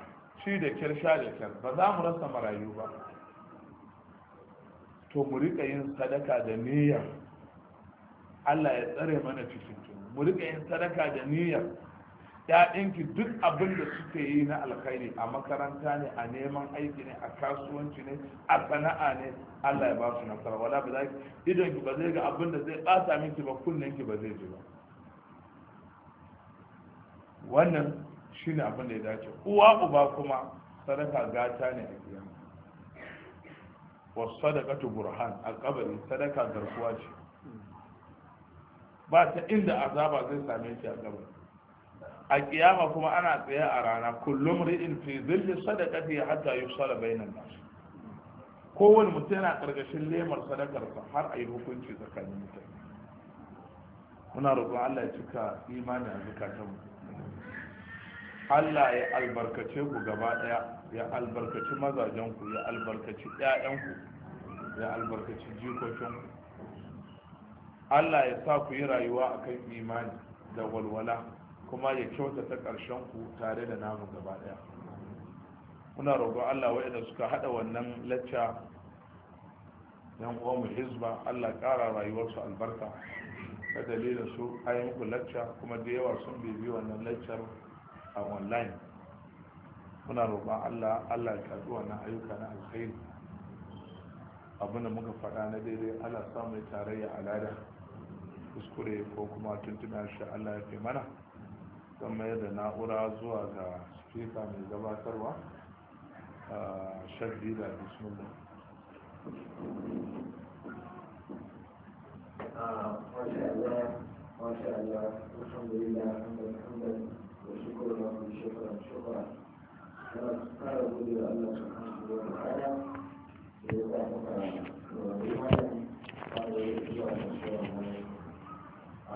Speaker 1: shi da kyar sha da kyar ba za mu rasa marayu ba to mu riƙa yin sadaka da niyyar Allah ya tsare mana fitintunu mu rika yin sadaka da niyyar ‘ya'yanki duk abin da suke yi na alkhairi a makaranta ne a neman aiki ne a kasuwanci ne a sana'a ne Allah ya ba su nasara wala ba zaki ki idon ki ba zai ga abin da zai ɓata miki ba kunnen ki ba zai ji ba wannan shine abin da ya dace uwa uba kuma sadaka gata ne a kiyama wasu sadaka burhan a kabari sadaka garkuwa ce ba ta inda azaba zai same shi a gaba a kiyama kuma ana tsaye a rana kullum ri'in fi zilli sadaqati hatta yusala bainan nas kowane mutum yana karkashin lemar sadakarsa har a yi hukunci tsakanin mutane muna roƙon Allah ya cika imani a zukatanmu Allah ya albarkace ku gaba ɗaya ya albarkaci mazajenku ya albarkaci 'ya'yanku ya albarkaci jikokinku Allah ya sa ku yi rayuwa a kan imani da walwala kuma ya kyauta ta ƙarshen ku tare da namu gaba ɗaya. muna roƙo Allah waɗanda suka haɗa wannan lacca yan uwanmu hizba Allah ƙara rayuwarsu albarka ta dalilin su a muku lacca kuma da yawa sun bibi wannan laccar a online muna roƙo Allah Allah ya karɓi wannan ayyuka na alkhairi abinda muka faɗa na daidai Allah samun tarayya al'ada kuskure ko kuma tuntuna shi Allah ya fi mana don mai da na'ura zuwa ga spika mai gabatarwa a shaddi da bismillah
Speaker 2: ما شاء الله والحمد لله حمدا حمدا وشكرا له شكرا شكرا قال قال الله سبحانه وتعالى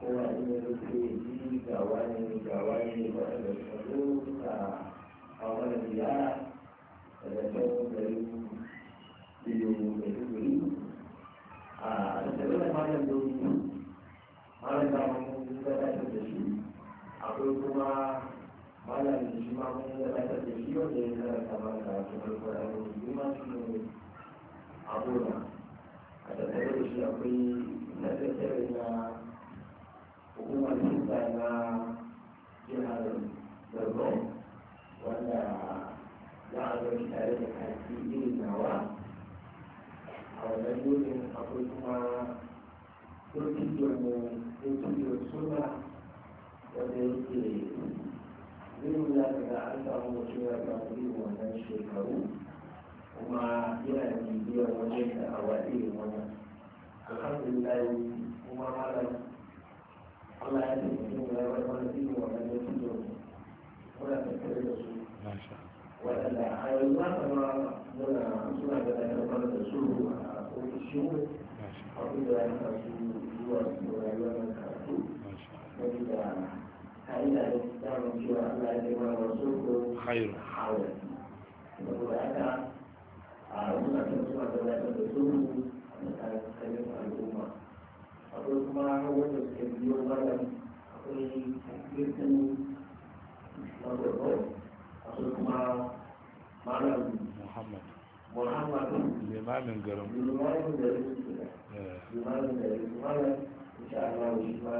Speaker 2: Kuma ina rufe ji ga wani ga wani waɗanda suka zo suka hau mana ziyara daga can gari biyu da duburi a tattare da malam doki malam da mun gabatar da shi akwai kuma malam da shi ma mun gabatar da shi wanda ya karanta mana da wasu farko da mun yi ma shi ne a gona a da shi akwai na tattare na kuma kisa na jihar borno wanda za a zo tare da kaki irin nawa a wannan yorin akwai kuma turkiyarmu turkiyar suna wanda yake yin za ka ga an samu mutum ya samu irin wannan shekaru kuma yana da bibiyar wajen da awa irin wannan alhamdulillah kuma malam Allah ya taimake mu ya da su a yanzu haka ma muna suna a ofishin abin da zuwa a suna da a akwai kuma wanda suke biyo bayan akwai kirkin magwagwai akwai kuma malam muhammad muhammad
Speaker 1: limamin garin limamin garin
Speaker 2: limamin garin malam insha Allah shi ma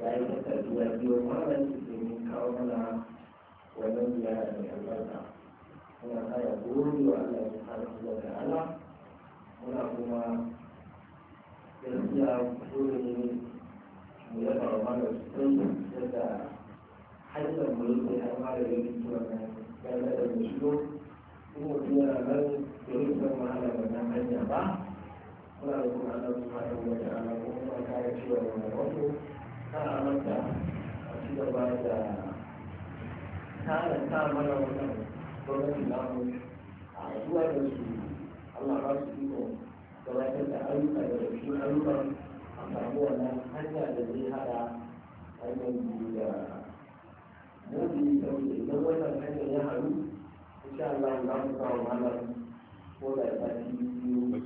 Speaker 2: ya yi kasa zuwa biyo malam domin kawo mana wannan ziyara mai albarka muna kara gode wa Allah subhanahu wa ta'ala muna kuma gaskiya dole ne mu yaba da da na hanya ba da kuma ana kuma da wata ana kuma ta kare ciwon wato a ci gaba da mana a da su Allah ba su iko gabatar da ayyuka da rashin ayyukan a samu wannan hanya da zai haɗa hanyar biyu da mutu da wuce idan wannan hanyar ya haɗu insha Allah za mu kawo malam ko da ya biyu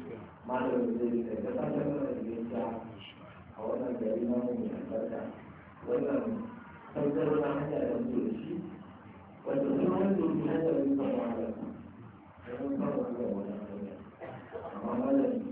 Speaker 2: malam zai da gabatar da gaskiya a wannan gari na mu mai albarka wannan sauƙar wani hanya da mutu da shi wanda kuma wanda ya fi hanyar biyu da malam. Thank you.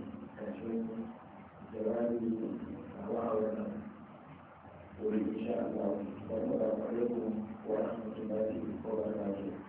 Speaker 2: jawabi a wa'awar wurin insha Allah. Assalamu alaikum